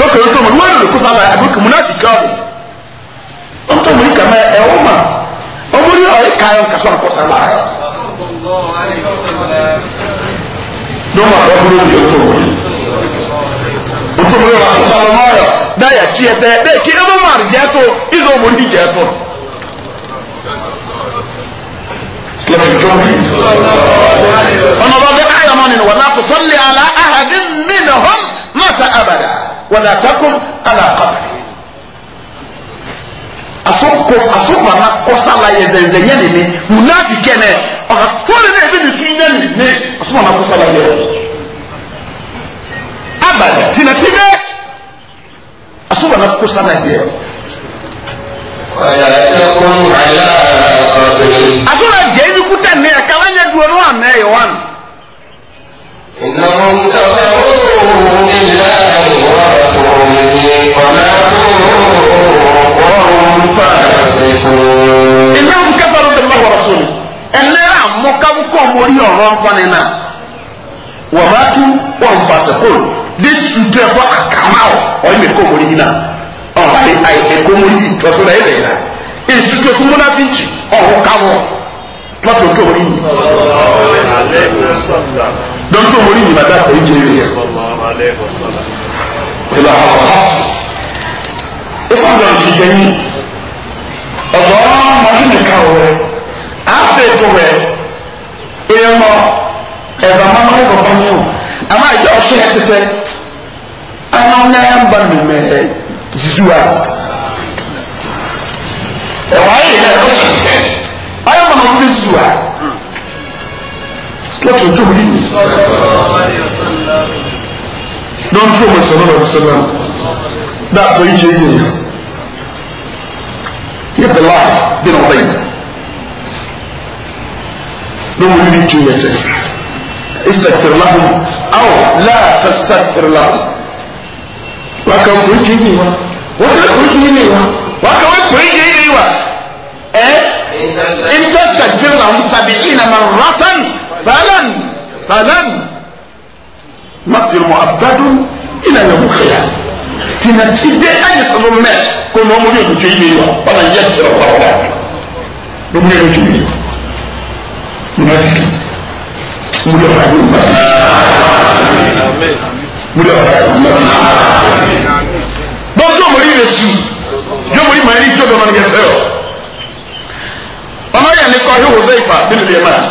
lọ́kẹ́ ó tó múrí wọ́n lè kó sọlọjẹ àgbẹ̀kú múná kíkẹ́ ọ̀dẹ̀ ó tó múrí kàmẹ́ ẹ̀ wọ́n mà ọmọ rí ọ̀rẹ́ dɔn a bɛ bolo bi o tɔmɔ o tɔmɔ yɛ wa salama yɛ n'a yɛ tiɲɛ tɛ bɛɛ k'i ɛmɛ maa jɛ to izɔn mo ni jɛ to. ọ̀nà bá bẹ ayọ̀ mọ́ni ni wàlá sọ́lé ala ahadi minhum mata abada wàlá takum ala qabri asopana kɔsala yɛ zɛnzɛ nyɛ nini munafi kɛnɛ ɔka tɔle ne ebi ne su nyɛ nini asopana kɔsala yɛ abali tinatibɛ asopana kɔsala yɛ. asopana jɛ ibi kuta ne yɛ kaba nyɛ duonu amɛ yɛ wani. ìnáwó ń tọ́ ẹ̀ ó ìlànà. fasiqun. innahum kafaru billahi wa rasuli ẹnlẹ́ àmọ́kábùkọ́ mórí ọ̀rọ̀ nfani náà wọ́n bá tú wọ́n fasiqun de sutẹ fọ àkàmá ọ ọyìn mi kọ́ mórí yìí náà ọ̀rọ̀ ayé ayé ẹ̀kọ́ mórí yìí tọ́sọ náà ẹ̀rẹ̀ yìí náà ìsutẹ fún múnáfíjì ọ̀rọ̀ káwọ́ tọ́tù tó mórí yìí. dọ́tù mórí yìí bàbá àtọ̀ ìjẹ́ yìí yẹ. ìlà ọ̀rọ̀ ìsọ̀rọ̀ ìgbẹ̀yìn ọ̀gbọ́n mọ̀lú nìkan wẹ̀ àti ètò wẹ̀ ìyẹn mọ ẹ̀fà máa ń o àmọ́ àyè ọ̀ṣẹ́ yẹn tẹ́tẹ́ àwọn ọ̀nà yẹn ń bá mi mẹ́ ẹ̀ zizu wa ẹ̀wọ̀n ayé yẹn ẹ̀kọ́ ṣe ayé mọ̀nà fún mi zizu wa lọ́tọ̀ ojú mi nìyí lọ́n tó mọ̀ sọ́nà lọ́wọ́ sọ́nà dáàbò yìí yẹn yẹn yɛ bɛla bi na ɔbɛyi na wɔn yi ni tu yɛ tɛ istakfir lahum aw la tastakfir lahum waka wɔn kiri ni wa waka wɔn kiri ni wa waka wɔn kiri ni wa ɛ in eh? tastakfir lahum sabi'ina marratan falan falan. مثل مؤبد الى يوم القيامه tina ti de ayi soso mɛ ko na ɔmo yɛ ɔmo tɛ yi wa ɔna yɛ kyerɛ ɔkpa ɔkpa na ɔmo yɛ ɔmo tɛ yi wa ɔmo yɛ ɔmo yɛ ɔmo yɛ ɔmo yɛ ɔmo yɛ bọ́sọ̀ ọmọ yìí yẹsu yóò mọ̀ yìí mọ̀ yìí tí o bẹ̀ mọ̀ yẹn tẹ́ ọ. ọmọ yẹn ni kọ́ yóò wọ bẹ́ẹ̀ fà bí lè máa.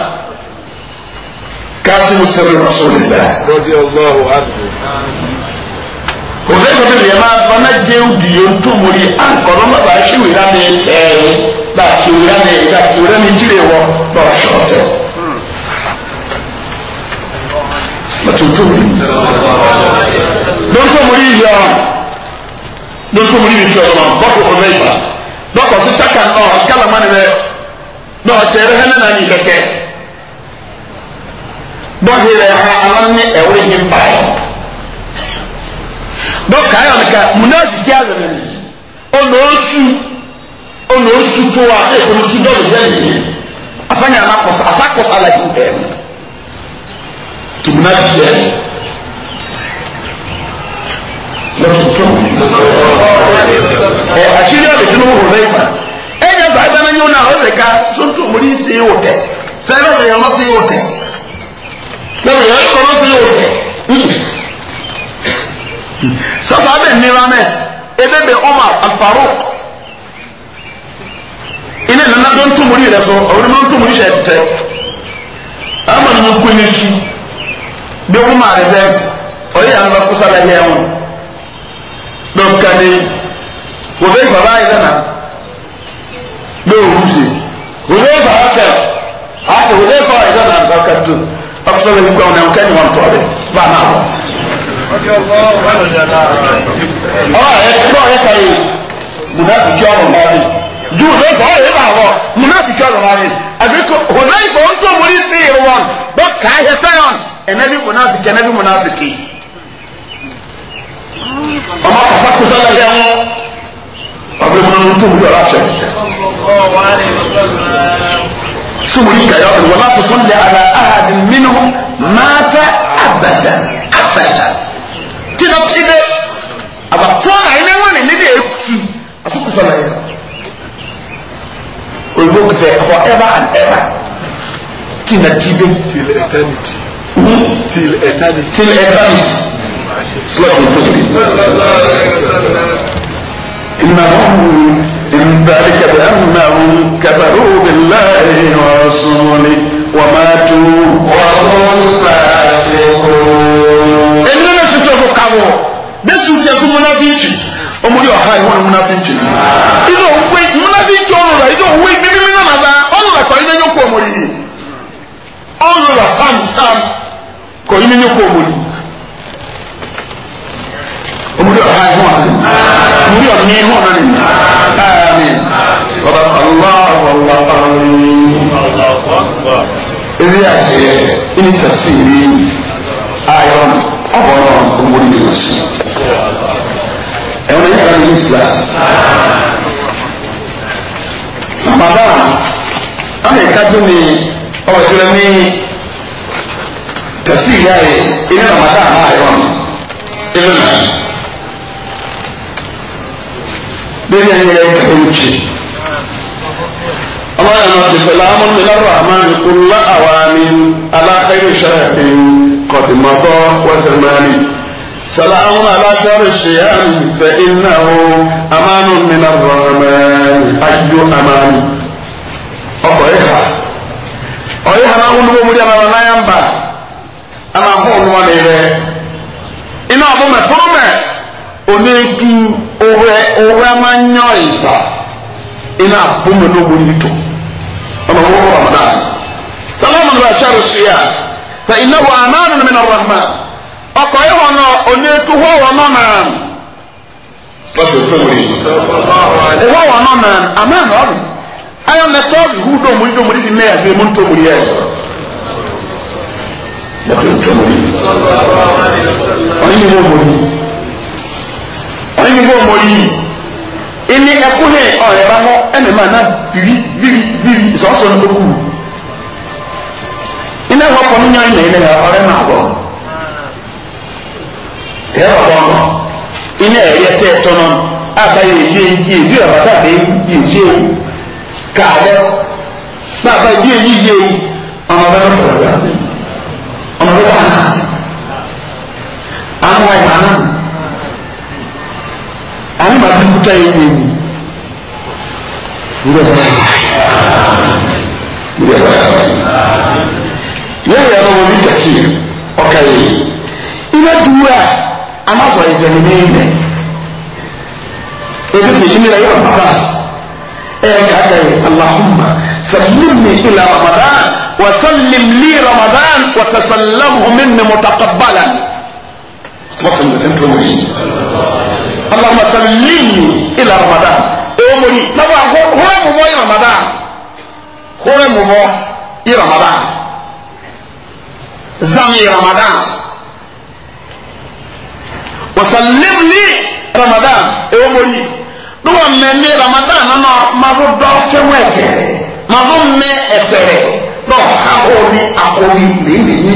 káàtì mo sẹ́wọ́n rọ̀ sọ́ọ́ nígbà. rọ́bì ọlọ́run àdùnnú òfin sọ fún mi ẹ máa fana jẹ́ òdì yẹn tó mo rí má bàa ṣe wìrà mi tẹ́ ẹ bá a ṣe wìrà mi bá a ṣe wìrà mi jíire wọ bá a ṣọ tẹ. Màtúntò mi. Lóńtò mo rí yọ lóńtò mo rí mi sọ̀rọ̀ ma bọ́kù ọ̀rẹ́ ìgbà bọ́kù sí chaka ọ̀ kálàmá ni rẹ̀ náà tẹ̀rẹ̀ hẹ́nẹ́ náà ní ìlẹ̀tẹ̀. Bọ́kù rẹ̀ ha àwọn ní ẹ̀wọ́ yìí ń báyìí. dɔkta ka munafiki azɛmɛ ni ɔna osu ɔna osu to asanya na kɔsa asa kɔsa la yi bɛɛ mu to munafiki yɛ ɛ asiri a bɛ tunu wo wɔ bɛyi ta ɛ sa ɛdá na nyɛ wo na ɔsɛ ka sonto se wo tɛ sɛ yɛ se wo tɛ sɛ yɛ sasa abe nnira ebebe ebe be omar alfaruk ina na dɔn tó mori yɛrɛ sɔrɔ ɔwɔ ni ma tó mori sɛ tɛ ni mo ne su omar ba kusa la yɛn don ka ne fara na bɛ o wuse o bɛ fara kɛ a o bɛ fara na ka ka to a kusa la yɛn na na ọ̀rọ̀ ẹ̀ ẹ̀kọ́ ọ̀rẹ́ kan yìí munafiki ọ̀rọ̀ náà rí júù ló sọ ọ̀rẹ́ bá wọ̀ munafiki ọ̀rọ̀ náà rí àbíkú hùzẹ́ ìbò ń tó múlí sí ìrù wọn bó kà á yẹ tẹ́yọ̀n ẹ̀nẹ́bí munafiki ẹ̀nẹ́bí munafiki ọmọ kọsakọsọ lẹ́yẹ wọn ọ̀gbẹ́ mọ́nà tó múlí ọ̀rọ̀ àṣẹ tẹ̀ sumuli kayọ wọlá tó sọ lẹ́ àlà àhàdì mínú máta àbàdàn àbàdàn lọ kí dé àbàtọ́ àyínlẹ̀ wọn ní nílé ètù àfọkùsọ náà yẹn òyìnbó kẹfẹ forever and ever till eternity, till eternity, till eternity. till eternity. till eternity. lọ́sùn tó kiri. إنهم من ذلك wa كفروا wa ورسوله وماتوا وهم فاسقون ọ̀sọ̀ kàwọ̀ bẹ́sù tí a fún múnáfíìtì ọmọdé ọ̀ha ìwọ̀n ní múnáfíìtì inú òwe múnáfíìtì ọ̀rọ̀ rẹ̀ inú òwe mímí mímí náà sá ọ̀rọ̀ rẹ̀ kọ̀ inú ẹ̀yọ́ kú ọmọdé yìí ọ̀rọ̀ rẹ̀ sam sam kọ̀ inú ẹ̀yọ́ kú ọmọdé ọmọdé ọ̀ha ọkọ ọ̀rọ̀ ọmọdé ní ọsì ẹwọn yàrá ní ìsìlá bàbá àmì ìkájú mi ọjọ́ ní tẹ̀sí ìyá rẹ̀ ilé ọ̀mọdé àmà àyọ̀ ilé náà bẹ́ẹ̀ ni ẹ̀yẹ kẹ́hìn jì ọmọ yẹn lọ ti sàlámù nínú rahman kúlá àwàní alákẹ́yìn sàyàfin kọ̀dùmọ́tọ́ wẹ́sẹ̀mẹ́rin sàlámù alákẹ́yìn sàyàfin fẹ́ iná o amánu nínú rahman ayú amánu ọkọ̀ yìí ha ọ̀yẹ́ hàn áhùn ní wọ́n yàrá wọn náyà ń bà ẹ̀nà áhùn wọn ni rẹ̀ iná ọ̀bọ̀ mẹ́tọ́ mẹ́ onídùú òwe òwe máa ń yàn ìfà iná àbúmọ̀ ní wọ́n yìí tó ọmọ wọn wọ ramadan salamu alayhi wa sallam siya fa iná wa amánu mi na rahman ọkọ yìí wọn náà oní etu hó wọn náà nàn. Ìwọ́ wọn náà nàn amánu ọ̀rùn ayọ̀ nẹ̀tọ́ ìhú dòmùrí dòmùrí sí mẹ́yà bí mo ń tòmùrí ẹ̀ yàtọ̀ ìjọmọ̀lì ọ̀yìn ni wọ́n mọ̀ yìí ọ̀yìn ni wọ́n mọ̀ yìí ni ɛko ne ɔyɛba hɔ ɛna ma na viri viri viri zɔsɔ no ku ina hɔ kɔ no nya ina ina yɛ ɔrɛ na abɔ yɛ ɔbɔ no ina yɛ yɛ tɛ tɔ no aba yɛ ebie yie zi ɔba ta bɛ yie yie ka abɛ na aba yie yie yie ɔno bɛ no kɔlɔ yɛ ɔno bɛ ba na anu wa ba na anu ba fi kuta yɛ yie yie níbẹ̀ níbẹ̀ yẹ́n yẹ́n lọ́wọ́ bí kẹ̀sì ọ̀ka yìí ilé tuwu a amasọ̀ ẹ̀sẹ̀ ní ní ilẹ̀ ebi kìí ṣe ní ẹ̀yọ́ bàbá ẹ̀yẹ kàkà yìí alahumma sàlùmí ilà ramadan wa sàlìm lì ramadan wa tasàlámù mímí mutakabbala wọ́n fún mi ní tó wọ̀nyí alahumma sàlìm ilà ramadan omori lọ́wọ́ ahóró mọ̀mọ́ yìí ramadan hóró mọ̀mọ́ yìí ramadan zam yìí ramadan wasalimli ramadan e omori lọ́wọ́ mẹ́mẹ́ ramadan nínú mafó dọ́tẹ́wọ́ ẹ̀tẹ̀rẹ̀ mafó mẹ́ ẹ̀tẹ̀rẹ̀ lọ́wọ́ ahóri ahóri mẹ́mẹ́ni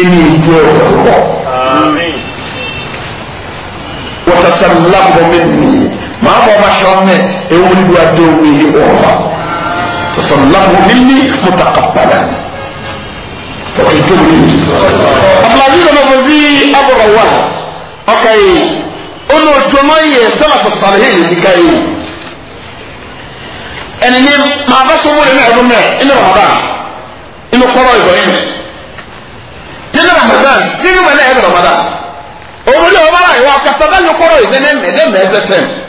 ẹni ìdúró ẹ̀rọ wọ́n tẹ̀sán lábọ̀ mẹ́mẹ́ maa bɔ ma sɔrɔ mɛ ewuli do a denw ni ye e wɔfa sɔsɔlamu o mutakabala tɔtɔ joli ni. afilaju dama ko zi abɔrɔ wa ɔka O ɔnà jɔnma yɛ sɛlɛfɔ salihe yɛ nika ye ɛni ni maa ba sɔn wuli ni ɛlu mɛ ɛni maa ba ɛni kɔrɔ yɔ yɛ mɛ tini ramadan tini mɛ ne yɛ ramadan olu ni ɔba la yɛ wa kata da ni kɔrɔ yɛ ne mɛ ne mɛ ɛsɛ tɛm.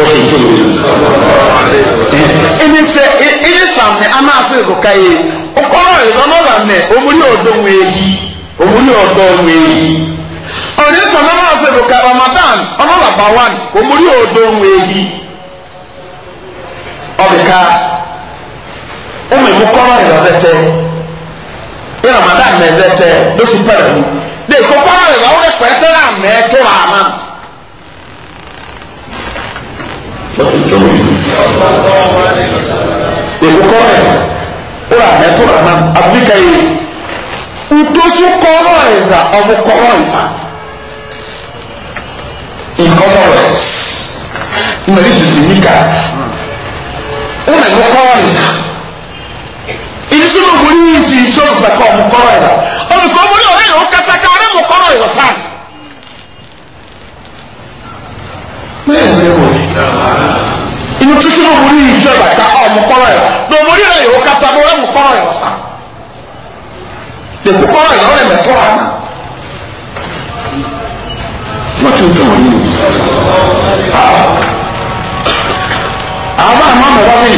tɔfin tó yi ɛni sɛ ɛni sàmì anáàsì ìrùkà yìí ɔkɔrɔ ìrɔnà lànà omuli ɔdɔ ŋun eyi omuli ɔdɔ ŋun eyi ɔni sàmì anáàsì ìrùkà ramadan ɔnọlàbà wani omuli ɔdɔ ŋun eyi ɔbìka ɛmɛ mu kɔrɔ ìrɔsɛ tɛ ramadan mɛ zɛ tɛ lọsi pẹlẹ mu de kɔkɔrɔ ìrɔwúrẹ pẹtẹ àmẹ tó rà náà. èmi kọ́ ẹ̀ ó rà mẹ́tò rà náà abíkà yìí ntòsí kọ́rọ̀ ẹ̀zà ọ̀bù kọ́rọ̀ ẹ̀zà ìkọ́mọ̀rẹ̀s mẹ́rin tuntun níkà ó nà ẹ̀bù kọ́rọ̀ ẹ̀zà ìdísí ló wọlé yìí sí iṣẹ́ òkùnkà ọ̀bù kọ́rọ̀ ẹ̀zà olùkọ́ wọlé ọ̀rẹ́ yìí ó kẹta ká ọ̀rẹ́ mọ̀ kọ́rọ̀ ẹ̀zà. bẹ́ẹ̀ ni wọ́n inú tuntun ló múlí yìí jọ ìgbà ọ mú kọ́rọ̀ ẹ̀ lọ múlí rẹ̀ yóò kata ló rẹ̀ mú kọ́rọ̀ ẹ̀ lọ́sà lè mú kọ́rọ̀ ẹ̀ lọ́rọ̀ ẹ̀ mẹ́tọ́ rà nà. wọ́n ti ń tọ̀ wọ́n yìí. àwọn àmọ́ àmọ́ wọ́n mi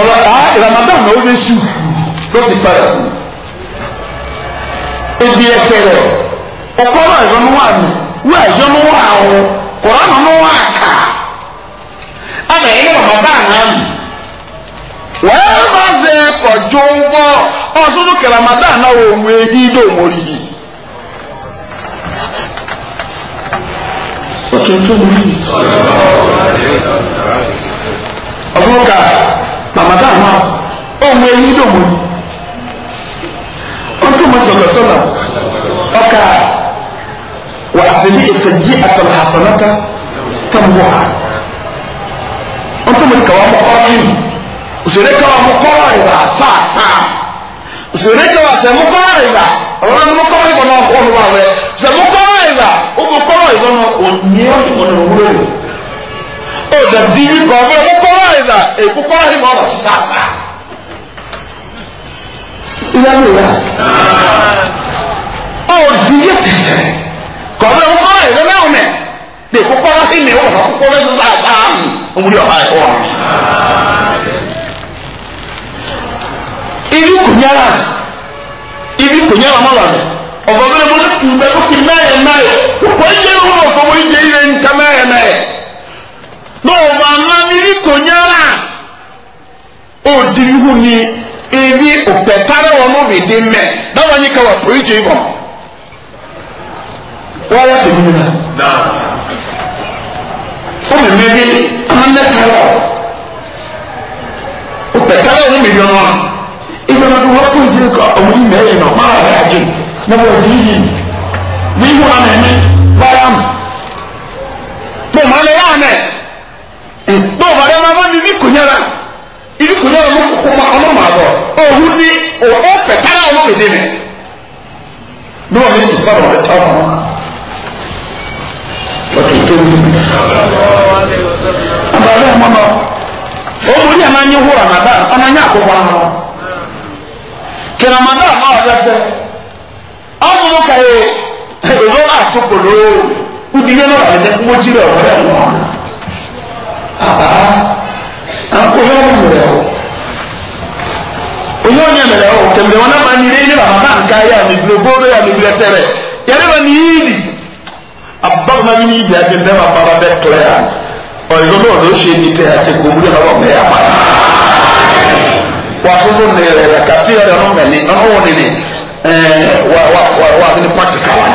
ọ̀rọ̀ àá ìrànlọ́dọ̀ náà ó lè sùn ló sì padà kú. ebi ẹ̀tẹ̀rẹ̀ ọ̀kọ́rọ̀ ìrànlọ́wọ́ àmì wíwá ìrànlọ́wọ́ àwọn kuran no wa ka ama ɛyɛ ramadan nam wɔn ba zɛ kɔdzo wɔ ɔso no kɛ ramadan na wɔ mu eyi do mori yi ɔso no ka ramadan na o mu eyi do mori ɔtɔ mo sɔlɔ sɔlɔ ɔka. وأثني السيئة الحسنة تموها أنتم الكوام قرائي وسيري كوام قرائي ساعة ساعة وسيري كوام سيمو قرائي ọlọ́run mú kọ́rọ̀ ìbọn náà kọ́ lọ́wọ́ rẹ̀ sẹ̀mú kọ́rọ̀ ìbà ó mú kọ́rọ̀ ìbọn náà ò ní ọ̀dùnmọ̀ ní òwúrọ̀ rẹ̀ ó dẹ̀ di nípa ọ̀fẹ́ mú kọ́rọ̀ ìbà èkú kọ́rọ̀ ìbọn ọ̀rọ̀ sísáàsá. ìyá mi ìyá ni wọn kọ kó bẹ́ẹ̀ sísá àṣà àmì òmùdí ọ̀há ẹ̀kọ́ wa. ibi kò nyara ibi kò nyara mọ́ wa ọ̀bọ̀n bẹ́ẹ̀ mo tù bẹ́ẹ̀ kó kì mẹ́ẹ̀ mẹ́ẹ̀ kó yẹ wọn ọ̀bọ̀n mo yẹ ilé nǹkan mẹ́ẹ̀ mẹ́ẹ̀ bọ́ọ̀ bá má ibi kò nyara ó di ihu ni ibi òpẹ̀tàrẹ̀ wọn ò rí di mẹ́ dáwọn yìí ká wà pọ̀ ìjì bọ̀ wọ́n yà pẹ̀lú mi náà ɔmɛmɛ bi amamɛ tala ɔpɛ tala ɔmɛ yɔn wa ìjọba tó wọ́n kó ìdílé kọ ọmọ yìí mẹ́rin náà má rà yà jẹun ní wọ́n ti yìí wíyí wọn mẹ́mẹ́ báyà mọ́ pọ̀ mọ́ lẹ́yà mẹ́ pọ̀ mọ́ lẹ́yà mọ́ ní ibi kònyẹ́ra ibi kònyẹ́ra ọmọ kòkòmọ́ ọmọ màá bọ̀ òhun ni ọ̀pẹ̀ tala ọmọ mi dé mẹ́ ní wọ́n mi sì sábà wọ́n tọ́ ọmọ náà ọ̀tọ̀tọ̀ mi. Àbàdà ọmọ náà, òun ní ẹ̀ma ń yí hu Ramadan, ọmọ ní àkókò ọmọ náà. Kì Ramadan náà ọ̀dọ̀ fẹ́. Ọmọ mi kà yé èrò àtúkò lóò, kúdi yẹn náà ọ̀dẹ̀ kó jí rẹ̀ ọ̀rẹ́ wọn. Àbá àkóyọ̀ ọ̀hún rẹ̀ o. Oyún ọ̀nyẹ̀ mẹ̀rẹ̀ o, kẹ̀mẹ̀ wọn náà máa ní ilé ní Ramadan ká yà mí bilẹ̀ bóró yà mí bilẹ̀ tẹ̀rẹ̀. Yẹ́rẹ́ wọn ní yíyí abawo na yini ibi adi ndé ma baba bɛ kila ya ɔyìn ló ló ṣe ní tẹ àti kòmúlẹ náà wà mẹyà pa wà soso ní rẹ rẹ kàtí rẹ ọ̀nà mẹni ọ̀nà wọn ni ni ɛɛ wà wà wà wà ní pàtìkà wà.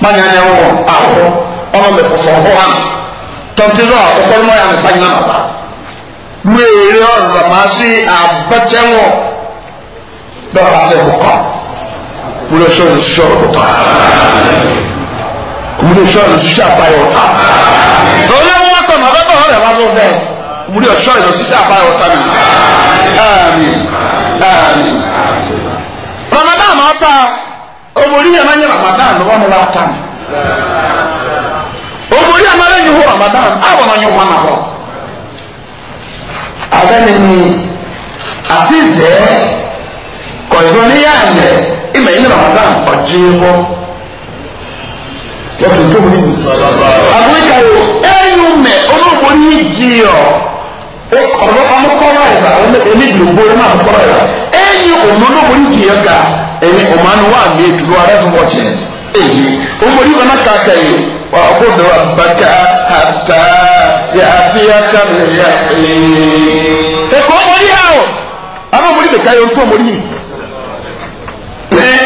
manyanya wọ àwọ ọmọ mi kò sọ̀rọ̀ hàn tọ́ntì náà ọkọ ní wọ́n yà mí pànyìn náà bá wíwèé ọ̀rọ̀ màá sí àbẹ̀tẹ̀ wọn bẹ́ẹ̀ wà á sẹ́kọ̀ọ́. múlẹ̀ ṣọ́ ní osisi ọ̀tá múlẹ̀ ṣọ́ ní ṣíṣọ́ àpáyọ̀ ọ̀tá torí àwọn wákọ̀ ọ̀rẹ́ wá ló bẹ́ẹ̀ múlẹ̀ ṣọ́ ní ṣíṣọ́ mi ramadan máa ta omori yẹn máa ń yẹ ramadan lọ́wọ́ mi láta mi omori yẹn máa ramadan àwọn ima yi nana ɔdan ɔgye hɔ wɔtò tó mu níbi àbúríkà yìí ẹyìn mẹ ọlọ́ọ̀bọ ní jì ọ ọmọ ọmọkọrọ ẹ̀dá oníbi ògbó ní ma ọmọkọrọ ẹ̀dá ẹyìn ọmọ ọlọ́ọ̀bọ ní jì ẹ ká ẹyìn ọmọ anu wa mi tulu ara fún ọ̀kyẹ́ èyí ọmọ yìí wọn aka aka yìí wà ọkọ bẹ wà bàkà hàtà yà àti aka mi yà ẹyìn. ẹ̀kọ́ ọmọ yìí hà ọ́ ọmọ ọmọ yìí bẹ̀ ká yọ ntọ́ ọmọ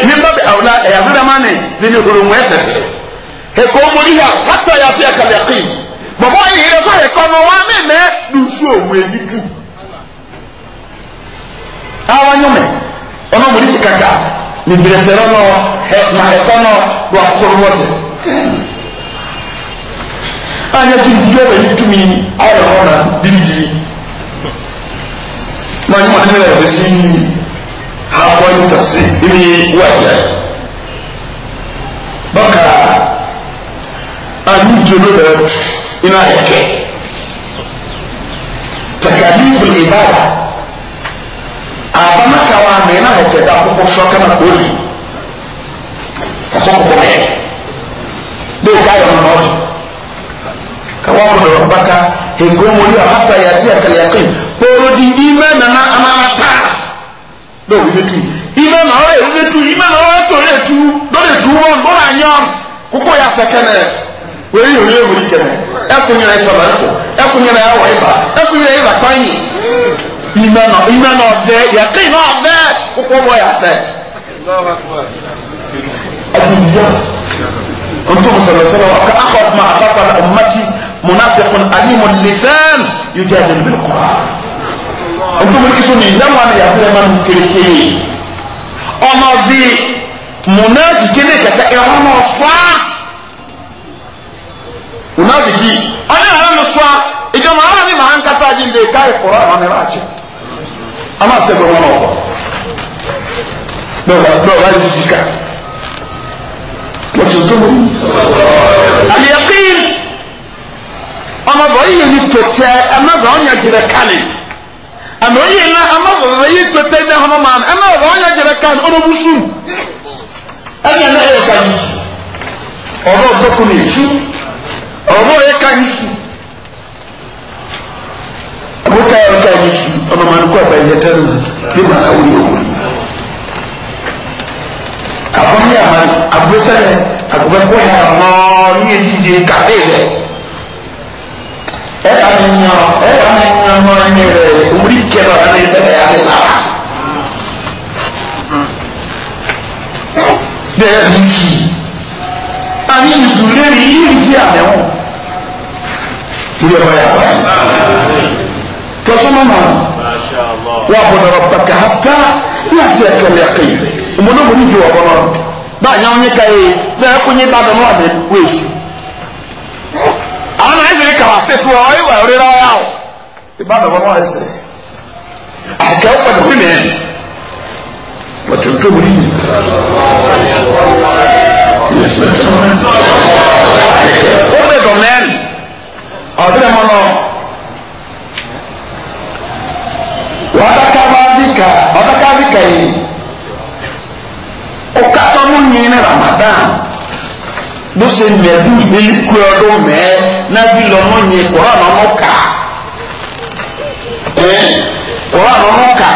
mimba bi awla ɛyabira ma ne bi ni huru ha hata ya fi akali aki bɔbɔ yi yɛrɛ sɔ ɛkɔ no wa mi mɛ dusu owu ebi du awa nyɔmɛ ɔno si kaka libirɛtɛrɛ nɔ ɛ nɔ do anya tuntun yɛ tumi na yɛ hakɔn tasi ibi wajɛ baka ani jolo bɛ ina yɛ kɛ takalifu ibada abana kawa na ina yɛ kɛ da koko sɔ kama kori kasɔ koko mɛ de o ka yɛ na de kawa mo dɔrɔn baka egomo ni a hata yati akaliyakin kporo di imɛ nana amana taa dɔw bi tu ime na ɔrɛ ebi tu ime na ɔrɛ tu ɔrɛ tu dɔrɛ tu wɔn dɔrɛ anyam koko ya tɛ kɛnɛ wɛrɛ yɛ oyɛ wuli kɛnɛ ɛkò nyina sɔrɔ ɛkò ɛkò nyina ɛwɔ ɛba ɛkò nyina ɛba kpanyi ime na ime na ɔvɛ yɛkɛ na ɔvɛ koko bɔ ya tɛ ɛdibiya ntɔ musɛmɛ sɛlɛ wa ka akɔ kuma akɔfa na ɔmati munafikun alimu lisan yujadu bil kura ọdúnmọ̀lì sọ ní ìdámà ni yàtọ̀ ẹ̀ máa ń kérékéré ọmọ bí mùnáàtì kéde kẹtẹ ẹ̀ wọ́n mọ̀ fà á mùnáàtì kì ọ̀nà àrà mi fà á ìjọba àrà mi máa ń kata àjí ndé ká ìkọ̀rọ̀ àwọn ẹ̀rọ àjẹ a máa ṣe gbọ́dọ̀ wọn ọ̀kọ̀ bẹ́ẹ̀ bá yẹ ti ká lọ́sọ̀ tó mú àlìyàkín ọmọ bọ̀ yìí ni tòtẹ́ ẹ̀ mẹ́fà ọ̀nyà jìrẹ̀ àmọ́ yìí ńlá amábọ̀bọ̀ yìí tó tẹ́ ní ọmọ màmá ẹ̀ náà wọ́n yà jẹrẹ kan ọ̀nà bùsù ẹ̀yà náà yẹ ká yìí ọ̀rọ̀ ọ̀dọ́kùn ní ìṣú ọ̀rọ̀ yẹ ká yìí ṣù àbúkà yẹ ká ya ṣù ɛka ne nyɔ ɛka ne nyɔ ho ɛnyɛ rɛ omuri kɛlɛ ɔka ne sɛ ɛya ne nara bɛɛ bi fi ani nsuleri yi fi amɛ ho wuli ɛfɔ yɛ ala tɔsɔmɔ ma wa bɔdɔrɔ baka hata yasi ɛkɛlɛ ɛkɛyɛ mɔdɔ mɔdi jɔ ɔbɔnɔ báyìí àwọn yẹn ka yìí bẹ́ẹ̀ kò ní bá dɔn wà ní wíwèsì yìí kà wá tètè ọ ìwà òrìrà ọyà o ìbá bàbá wọn ẹsẹ àgbà ó O wílẹ̀ wàtúntò mi yìí ó lè dọ̀ mẹ́rin ọ̀dún ẹ̀ mọ́ lọ. Wadaka badika, wadaka badika yi, kukata mu nyine Ramadan. bó ṣe mẹ̀dú mi kú ọdún mẹ́ẹ́ náfi lọ́nà yẹn kọ́ránà ọ̀nà kà kọ́ránà ọ̀nà kà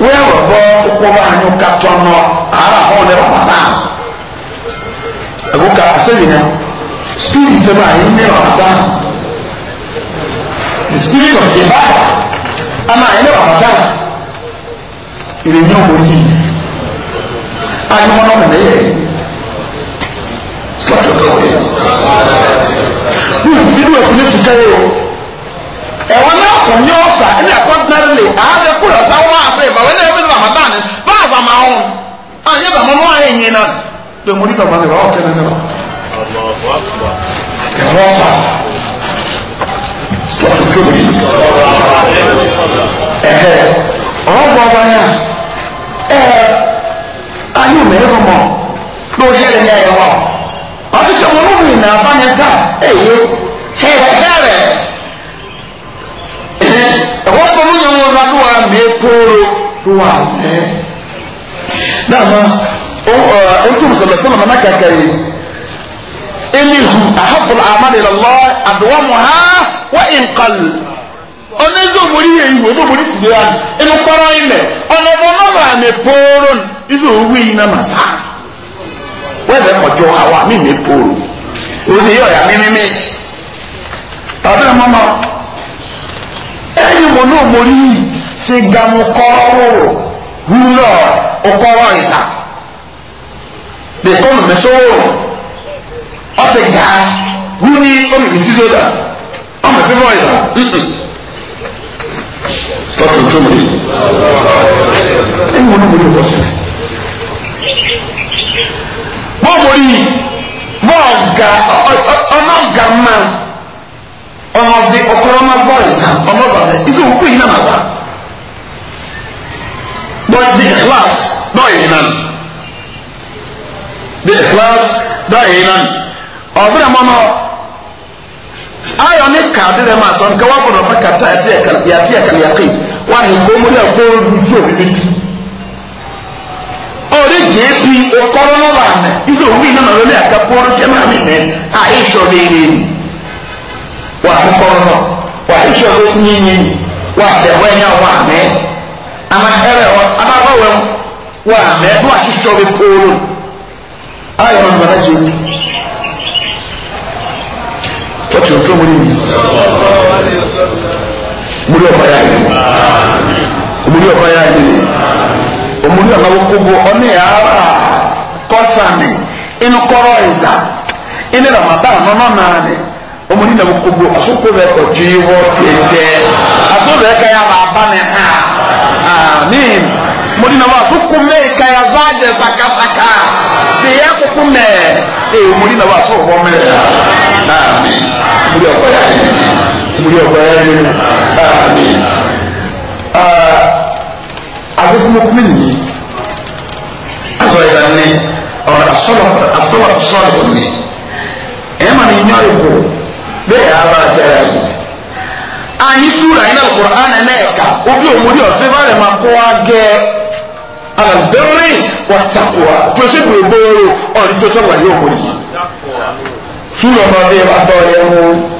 wẹ́ẹ̀rọ̀ bọ́ kókóró àánú kàtó ọ̀nà àárà ọ̀hún Hmm, nínú ẹ̀kúnlẹ̀ ti kẹ́rẹ́ o ẹ̀wọ̀n náà kò ní ọ̀sà ẹni àkọ́dínárìlẹ̀ àádẹ́ kúrò ọ̀sà wọn àfẹ́ ìbàwẹ́ náà ẹ̀wọ̀n bàmà dáàni báà bàmà ọ̀hún àyè bàmà ọ̀hún àyè yẹn náà lè mú ní bàmà rẹ̀ ọ̀ kẹ́rẹ́ náà. ẹ̀wọ̀n ọ̀sà lọ́sùn tóbi ẹ̀hẹ́ ọ̀gbọ̀n wáyà ẹ̀ ayé òmẹ́rọ̀ mọ̀ lórí ẹ̀rẹ̀ ní ẹ̀yẹ̀ wọn. ọtụtụ ọmụmụ na-abanye taa eyo hehere onye nwụrụ na wa mee kporo ruwa mee otu mana kakari e, elihu na ha wa inkal ezi si ya izu owu na wẹ́ẹ̀bẹ̀ mọ̀jọ àwa mí mi pòrò òsì yóò yà mí mímí. Bàbá mi mọ̀ ẹ̀yin mo náà mo rí sìgbàmù kọ́rọ́rò wúlọ̀ ọkọ̀rọ̀ ìsà. Bẹ̀kọ́ mi sọ́wọ́ ọ̀sẹ̀ gà wúni ọ̀mì mi sísọ dà ọ̀mì sí mọ̀ ìsà. Tọ́tù tó mi rí. Ẹ̀yin mo náà mo rí ọ̀sẹ̀ wọ́n mọ̀rí vọ́ọ̀gà ọ̀nàgà mma ọ̀nàdì ọ̀kọ́rọ̀mà vọ́ọ̀sà ọ̀nàbàbẹ̀ ìṣe òkú yìí nàmà wá. But the class náà yìí nàn. The class náà yìí nàn. Ọ̀bẹ̀rẹ̀ mọ́nà ayọ̀ ní kàdé rẹ̀ máa sọ nǹkan wọ́n kọ̀ náà bá kàtà yàtí ẹ̀kàlẹ̀ yàtí ẹ̀kàlẹ̀ yàtí wọ́n àyìnbó mú ní ẹ̀kọ́ ojú sí òbí bíi ore jepi okoro no bane izo wi na ma wele akaporo jema mi ne a isho de ni wa okoro no wa isho de ni ni wa de wenya wa me ama ere wa ama wa we wa me do a shisho de poro ayo no bana je ni tọ́tù tó mú nínú múlí ọ̀fà yára yìí múlí ọ̀fà yára yìí omuli amabukugu one yaaba kosane ino koroiza ine ramadan nononaane omuli nabukugu asukubeko jiibo tete ba yababane ha amin muli nabo asukumeeka yavaje sakasaka teyakukume omuli nabo asubomerera e, amin muli okoyaenene muli okoyaenene amin àbí fún mọ́kúmí nìyí azọ ìdá ní ọ̀rọ̀ asọ́wọ́ sọ́ọ̀lù ní ẹ̀yẹ́ mà ní nyọ́ ìbò bẹ́ẹ̀ yà á bá jẹ́rẹ̀ ẹ̀bù anyi sura ina alquran na eka obi omuri ose bare makoa ge ala birri wa taqwa to se bo bo ori to se wa yo omuri sura ma be ba do ye mu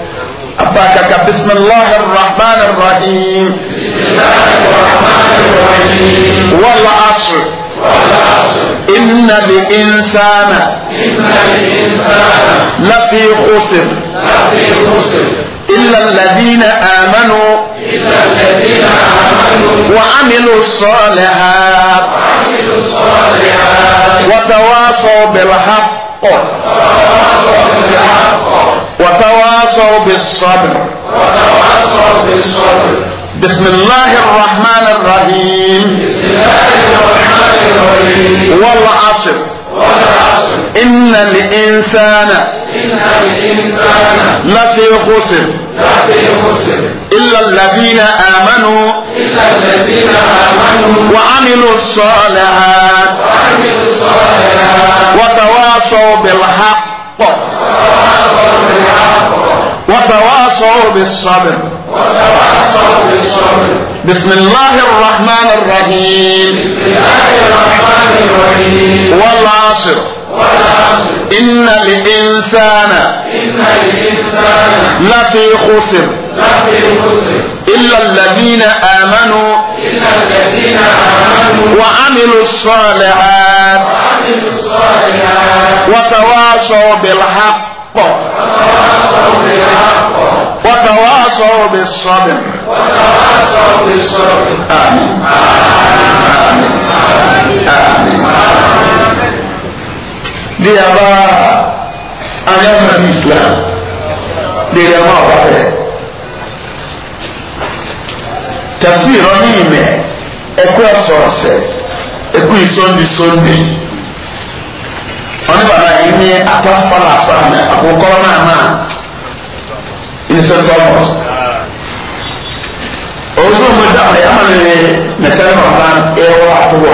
أباكك بسم الله الرحمن الرحيم بسم الله الرحمن الرحيم والعصر والعصر إن الإنسان إن الإنسان لفي خسر لفي خسر إلا الذين آمنوا إلا الذين آمنوا وعملوا الصالحات وعملوا الصالحات وتواصوا بالحق وتواصوا بالحق وتواصوا بالصبر وتواصوا بالصبر بسم الله الرحمن الرحيم بسم الله الرحمن الرحيم والعصر والعصر إن الإنسان إن الإنسان لفي خسر لفي خسر إلا الذين آمنوا إلا الذين آمنوا وعملوا الصالحات وعملوا الصالحات وتواصوا بالحق وتواصوا وتواصوا بالصبر وتواصوا بالصبر بسم الله الرحمن الرحيم بسم الله الرحمن الرحيم والعصر والعصر إن الإنسان إن الإنسان لفي خسر لفي خسر إلا الذين آمنوا إلا الذين آمنوا وعملوا الصالحات وعملوا الصالحات وتواصوا بالحق بالحق وتواصوا بالصبر وتواصوا بالصبر آمين آمين آمين آمين دي أبا أيام الإسلام دي أبا أبا تفسير نيمة أكو أصوصي أكو يسوندي سوندي ɔne baba yi ne ataspa na asa ne akokɔrɔ na ama instant almost ɔwɔsɔ mo da ɔyɛ ama ne ne tɛn ma ba ɛwɔ ato wɔ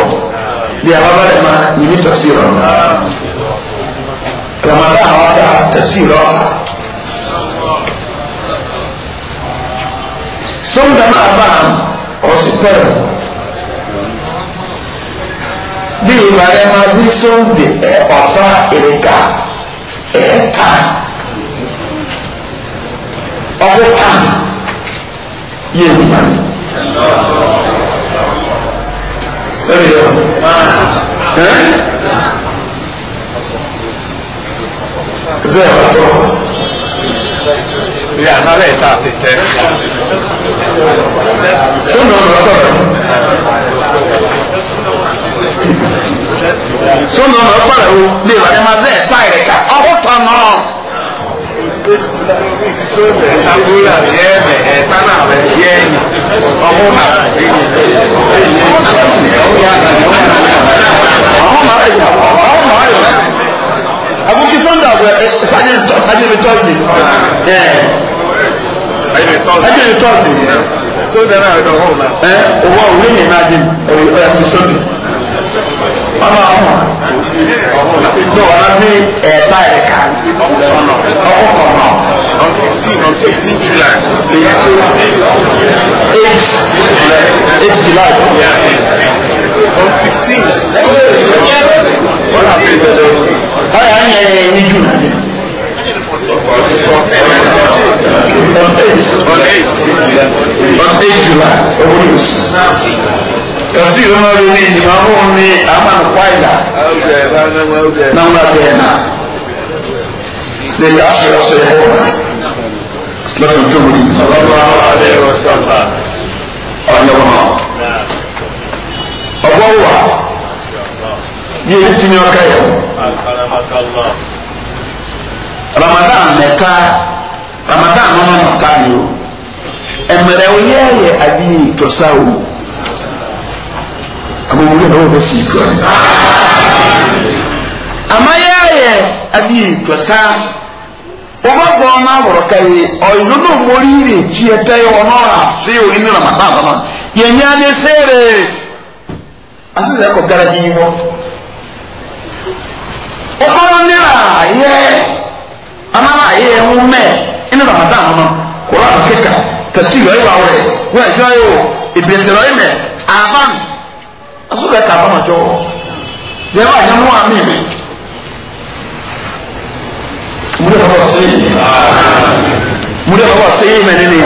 deɛ ɔba de ma nyimi tasi rɔ ramadan a wata tasi rɔ sɔmu dama aba ɔsi pɛrɛ bíi màrẹ́mà tí sóńdè ẹ̀ ọ̀fà èrèkà ẹ̀ ta ọ̀fọ̀ ta yé ìmà lórí ọ̀tọ̀ ya na bɛ ta tɛtɛ so na ɔmɔ kɔ so na ɔmɔ kɔ rɛ o le wa ɛma bɛ ta yɛrɛ ka ɔkɔ tɔ nɔ. Sabula yɛ mɛ ɛta na mɛ yɛ ni ɔmɔ ma ɔmɔ ma ɔmɔ ma ɔmɔ ma àbúkí sunday àgbẹ̀ sáyé sáyé mi tọ́sí ẹ̀ sáyé mi tọ́sí. sunday náà yóò dọ̀ wọ́n o la. ẹ owó òwe yẹn náà dín ẹ̀ ẹ̀ ẹ̀ sọ́sọ́sì ọmọ ọmọ so ọlọ́dún ẹ̀ẹ́ta ẹ̀ka ọkọ̀ náà on fifteen on fifteen july eight eight july on fifteen. ọ̀rọ̀ àti ìgbẹ́jọ́. ọ̀rọ̀ àti ìgbẹ́jọ́ ní june on eight on eight on eight july ogunus kasi ìrànlọ́ ló ní ìdìbò àwọn ohun ní amánú kwaila náà wà bẹ́ẹ̀ náà lẹ́yìn aṣọ ọ̀sẹ̀ ẹ̀họ́ lọ́sọ̀ tó wọlé sọlọ́lá àdéhùn sọ́lá ọ̀yọ́mọ ọ̀gbọ́n wà yé ètí ni ọ̀ka yẹn ramadan mɛka ramadan no no mɛka ni o ɛmɛrɛ o yɛ yɛ adi tɔsa o amamuli na wɔn bɛ si tura ni ama yɛ yɛ adi tɔsa wɔn bɔ ɔna wɔrɔka yi ɔyɔ no mori ne tia ta yi wɔn ɔra o inu ramadan no no yɛn nyɛ adi seere asese ɛkɔ garaji yi wɔ ɔkɔlɔ nira yɛ. Yeah amara ayé ẹ̀hún mẹ́ inú ramadan mọ́ kóra kíkà tẹ̀sí ìwé ìwà rẹ̀ wọ́n ẹ̀jọ́ yìí o ìbìntìrọ̀ yìí mẹ́ àbán asọ́bẹ̀ ká bá màjọ́ yẹ wà nyẹ́ mú àmì mi. múlẹ̀ bàbá sí i múlẹ̀ bàbá sí i mẹ́ni ni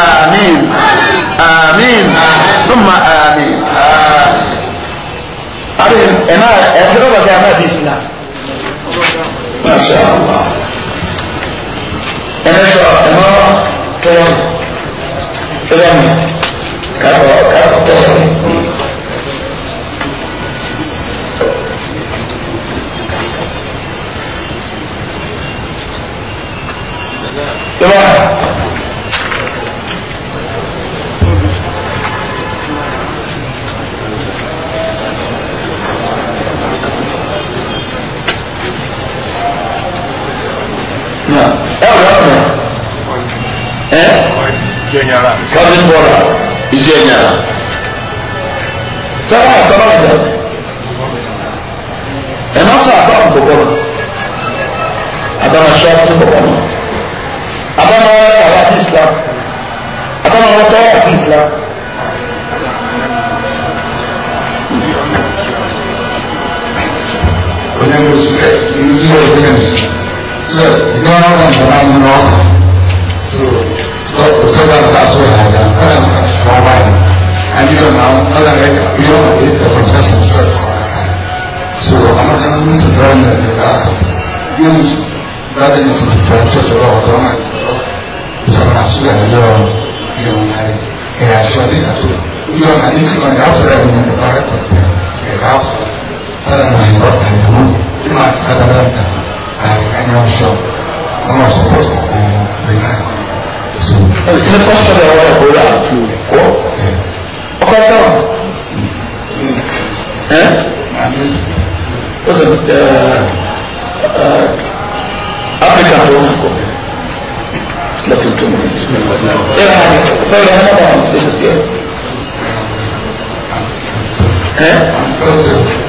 amin amin tuma amin. Ari ẹ̀ náà ẹ̀ fẹ́rẹ̀ bàbá yà máa bí ìsìn náà. Masha Allah ẹnẹ sọ ẹmọ tó yọ mi kakọ kakọ tó mi. yọba. nyara. Kọ́sí bọ́ra ìjọ nyara. Sábà àtọ́nà ìdá. Ẹ má sọ àṣà àbùkù bọ́ra. Adama ṣọ́ fún bọ̀bọ̀ náà. Adama ọ̀rọ̀ àwọn àti Islam. Adama ọ̀rọ̀ tọ́ àti Islam. Onye nwere ndị nwere ndị nwere ndị nwere ndị nwere ndị nwere ndị nwere ndị nwere God will send out that so high that Adam had forward. And you know now, Adam had you know it the process is true. So I'm not going to miss the drawing that you asked. You that is the church of God, God, some absolute your your mind. And I should think that too. You are an instrument after I remember the right one. And after Adam had not had the moon, you so ne pɔsɔ de wɔyɛ o yɛ kɔ ɔkɔ sɛwɔ ɛn o sɛ ɛɛ ɛɛ afirika tó ń kɔ lɛ tuntun ɛ ɛ sɛwɔ yɛ ɛna bɔ ɔn ɛn.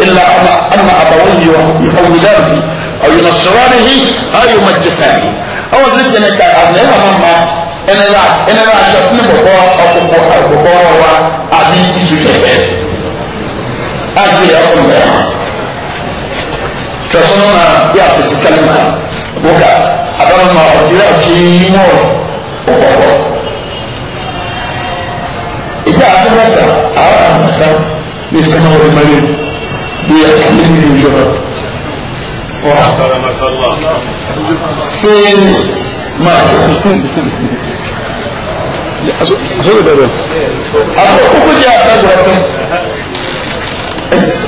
إلا أن أبويه يحولانه أو ينصرانه أو يمجسانه أو زلت أنا كأنا ماما أنا لا أنا لا أشوفني بابا أو بابا أو بابا أبي يسوع أجل أصلا فصلنا يا سيدي كلمة بوكا أبانا ما أدري أكيمو بابا إذا أصلا أنا أنا ní sẹ́wọ́n ọ̀rẹ́ mẹ́rin بيحمله الجرد سين ما أصول بابا أقول أقول يا أخي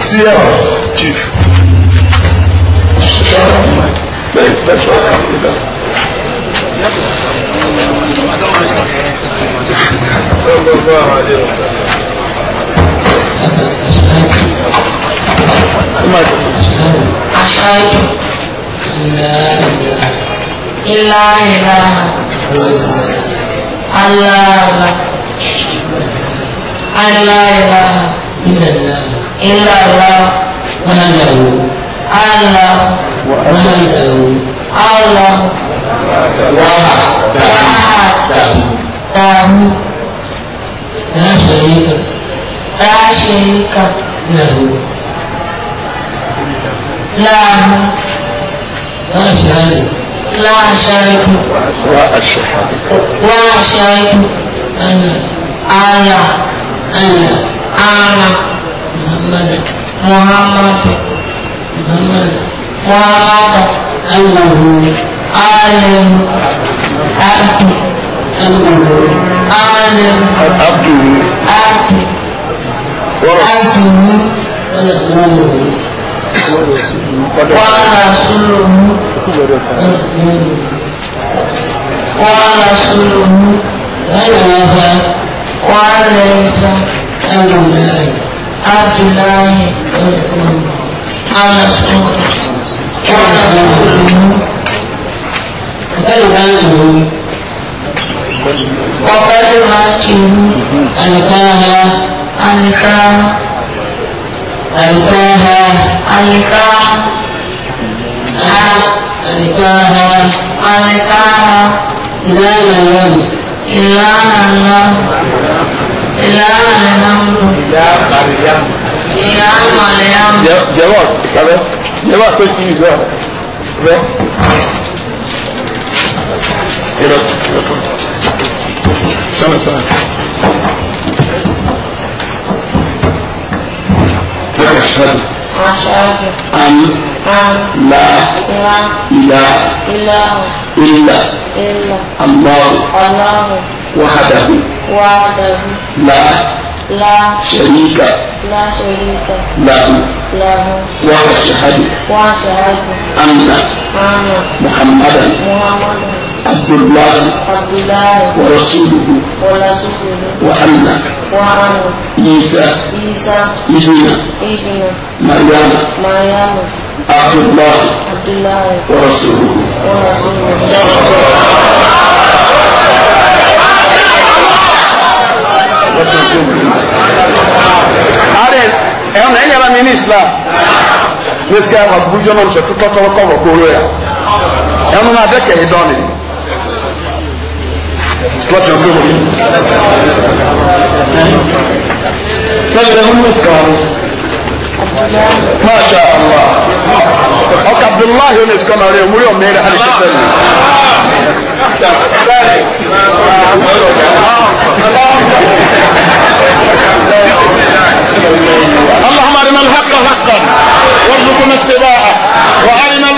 سيارة كيف صلى الله عليه وسلم أشهد أن لا إله إلا الله أن لا إله إلا الله أنه الله وحده الله وحده لا شريك لا شريك له لا لا شارب لا شارب وأشهد أن أنا أنا أنا محمد محمد محمد محمد أنه أعلم أكل أنه أعلم أكل أكل ورسوله ورسوله ورسوله ورسوله بلغ وليس عبد الله عبد الله ورسوله ورسوله وقد ماتوا ألقاها ألقاها ألقاها ألقاها ألقاها ألقاها إلى من إلى من إلى من إلى مريم جواب كذا جواب سكين زهر سنة سنة أشهد أن لا إله إلا إلا الله الله وحده وحده لا لا شريك لا شريك له له وأشهد وأشهد أن محمدا محمدا عبد الله ورسوله وأن عيسى ابن مريم عبد الله ورسوله ààrẹ ẹ̀wọ̀n ẹ̀yẹ́ bá mi ní islam ní sikẹ́ àbújọ́ náà ṣe tó tọ́tọ́rọ́ kọ́ ọ̀rọ̀ kóró yà ẹ̀wọ̀n náà adẹ́kẹ̀ẹ́ dán nìyí. صلاة الظهر سجد النساء ما شاء الله ọkà abdullahi ní ìsìnkọ́ náà rí omúrí ọ̀mẹ́rẹ́ alìsẹ́lẹ̀ اللهم ارنا الحق حقا وارزقنا اتباعه وارنا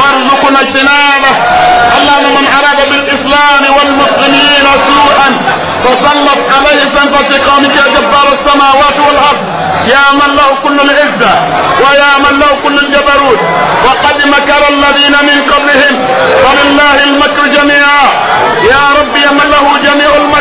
وارزقنا اجتنابه اللهم من أراد بالإسلام والمسلمين سوءا فسلط عليه سنفة قومك يا جبار السماوات والأرض يا من له كل العزة ويا من له كل الجبروت وقد مكر الذين من قبلهم ولله المكر جميعا يا رب يا من له جميع المكر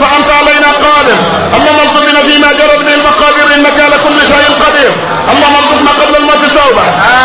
فأنت علينا قادر اللهم ارزقنا فيما جرت به المقادير إنك على كل شيء قدير اللهم ارزقنا قبل الموت توبة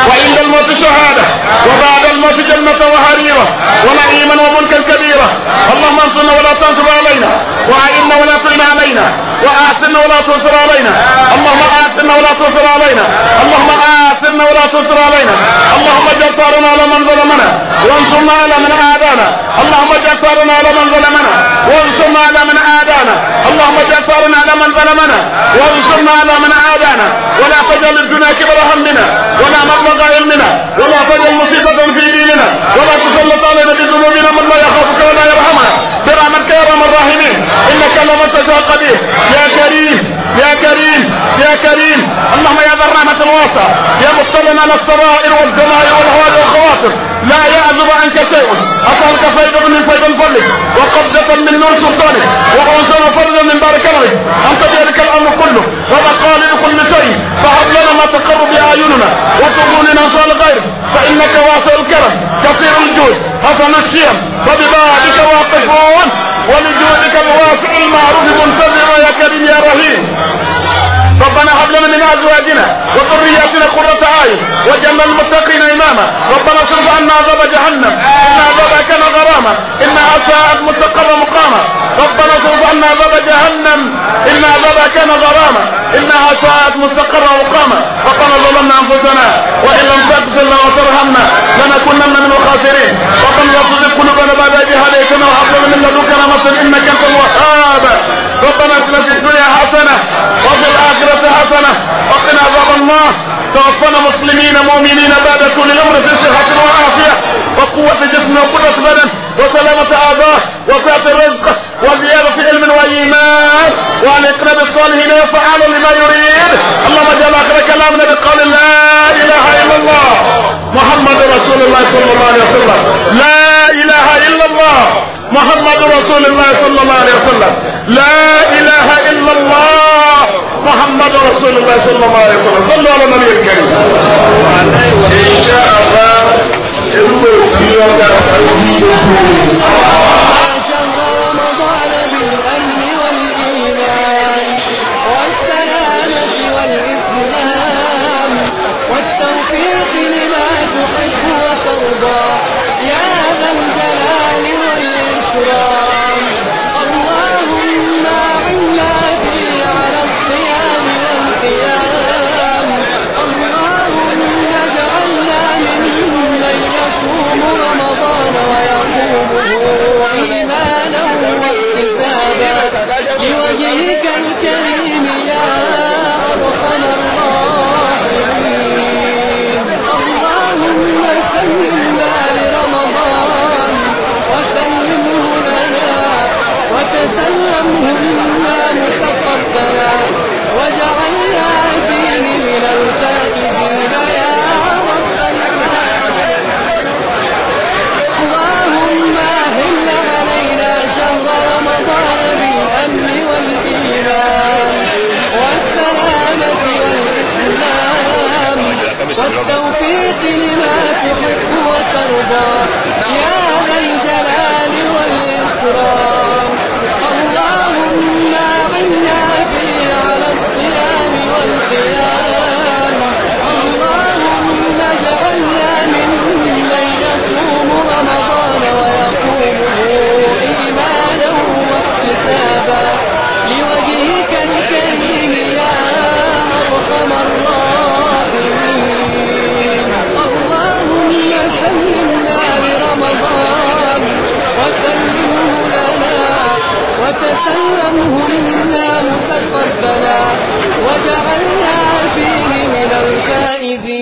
وعند الموت شهادة وبعد الموت جنة وحريرة ونعيما وملكا كبيرا اللهم انصرنا ولا تنصر علينا وأعنا ولا تعن علينا وآثرنا ولا تنصر علينا اللهم آثرنا ولا تنصر علينا اللهم آثرنا ولا تنصر علينا اللهم اجعل على من ظلمنا وانصرنا على من عادانا اللهم اجعل ثارنا على من ظلمنا وانصرنا على من عادانا اللهم اجعل ثارنا على من ظلمنا وانصرنا على من عادانا ولا تجعل الدنيا كبر همنا ولا مبلغ علمنا ولا تجعل مصيبة في ديننا ولا تسلط علينا بذنوبنا من لا يخافك ولا يرحمنا برحمتك يا ارحم الراحمين انك لمن تشاء قدير يا كريم يا كريم يا كريم اللهم يا ذا الرحمة الواسعة يا مطلنا على السرائر والدماء والهوال والخواطر لا يعذب عنك شيء أسألك فيضا من فيض فضلك وقبضة من نور سلطانك وعنزنا فردا من بارك امرك أنت بيدك الأمر كله وبقال كل شيء فهب لنا ما تقر بأعيننا وتقول لنا صالح غيرك فإنك واسع الكرم كثير الجود حسن الشيم فببابك واقفون ولجودك الواسع المعروف منتظر يا كريم يا رحيم ربنا هب لنا من ازواجنا وذرياتنا قرة اعين وجعلنا المتقين اماما ربنا صرف عنا عذاب جهنم ان عذابها كان غراما انها ساءت مستقرا مقاما ربنا صرف عنا عذاب جهنم إن عذابها كان غراما إنها ساءت مستقرة وقاما ربنا ظلمنا أنفسنا وإن لم تغفر لنا وترحمنا لنكونن من الخاسرين ربنا لا قلوبنا بعد إذ هديتنا وحفظنا من لدنك رحمة إنك أنت الوهاب ربنا اتنا في الدنيا حسنة وفي الآخرة حسنة وقنا عذاب الله توفنا مسلمين مؤمنين بعد كل الأمر في صحة وعافية وقوة جسم وقرة بدن وسلامة أعضاء وسعة الرزق والزيادة في علم وإيمان وعن إقناب الصالحين فعال لما يريد اللهم اجعل آخر كلامنا بقول لا إله إلا الله محمد رسول الله صلى الله عليه وسلم لا إله إلا الله محمد رسول الله صلى الله عليه وسلم لا محمد رسول الله صلى الله عليه وسلم صلوا على النبي الكريم إن شاء الله إلوه في يوم كان سيدي فهمنا لرمضان وسلمه لنا وتسلمه الطريق لما تحب وترضى يا ذا الجلال والإكرام اللهم أعنا به على الصيام والقيام وسلمه لنا وتسلمه منا متقبلا وجعلنا فيه من الفائزين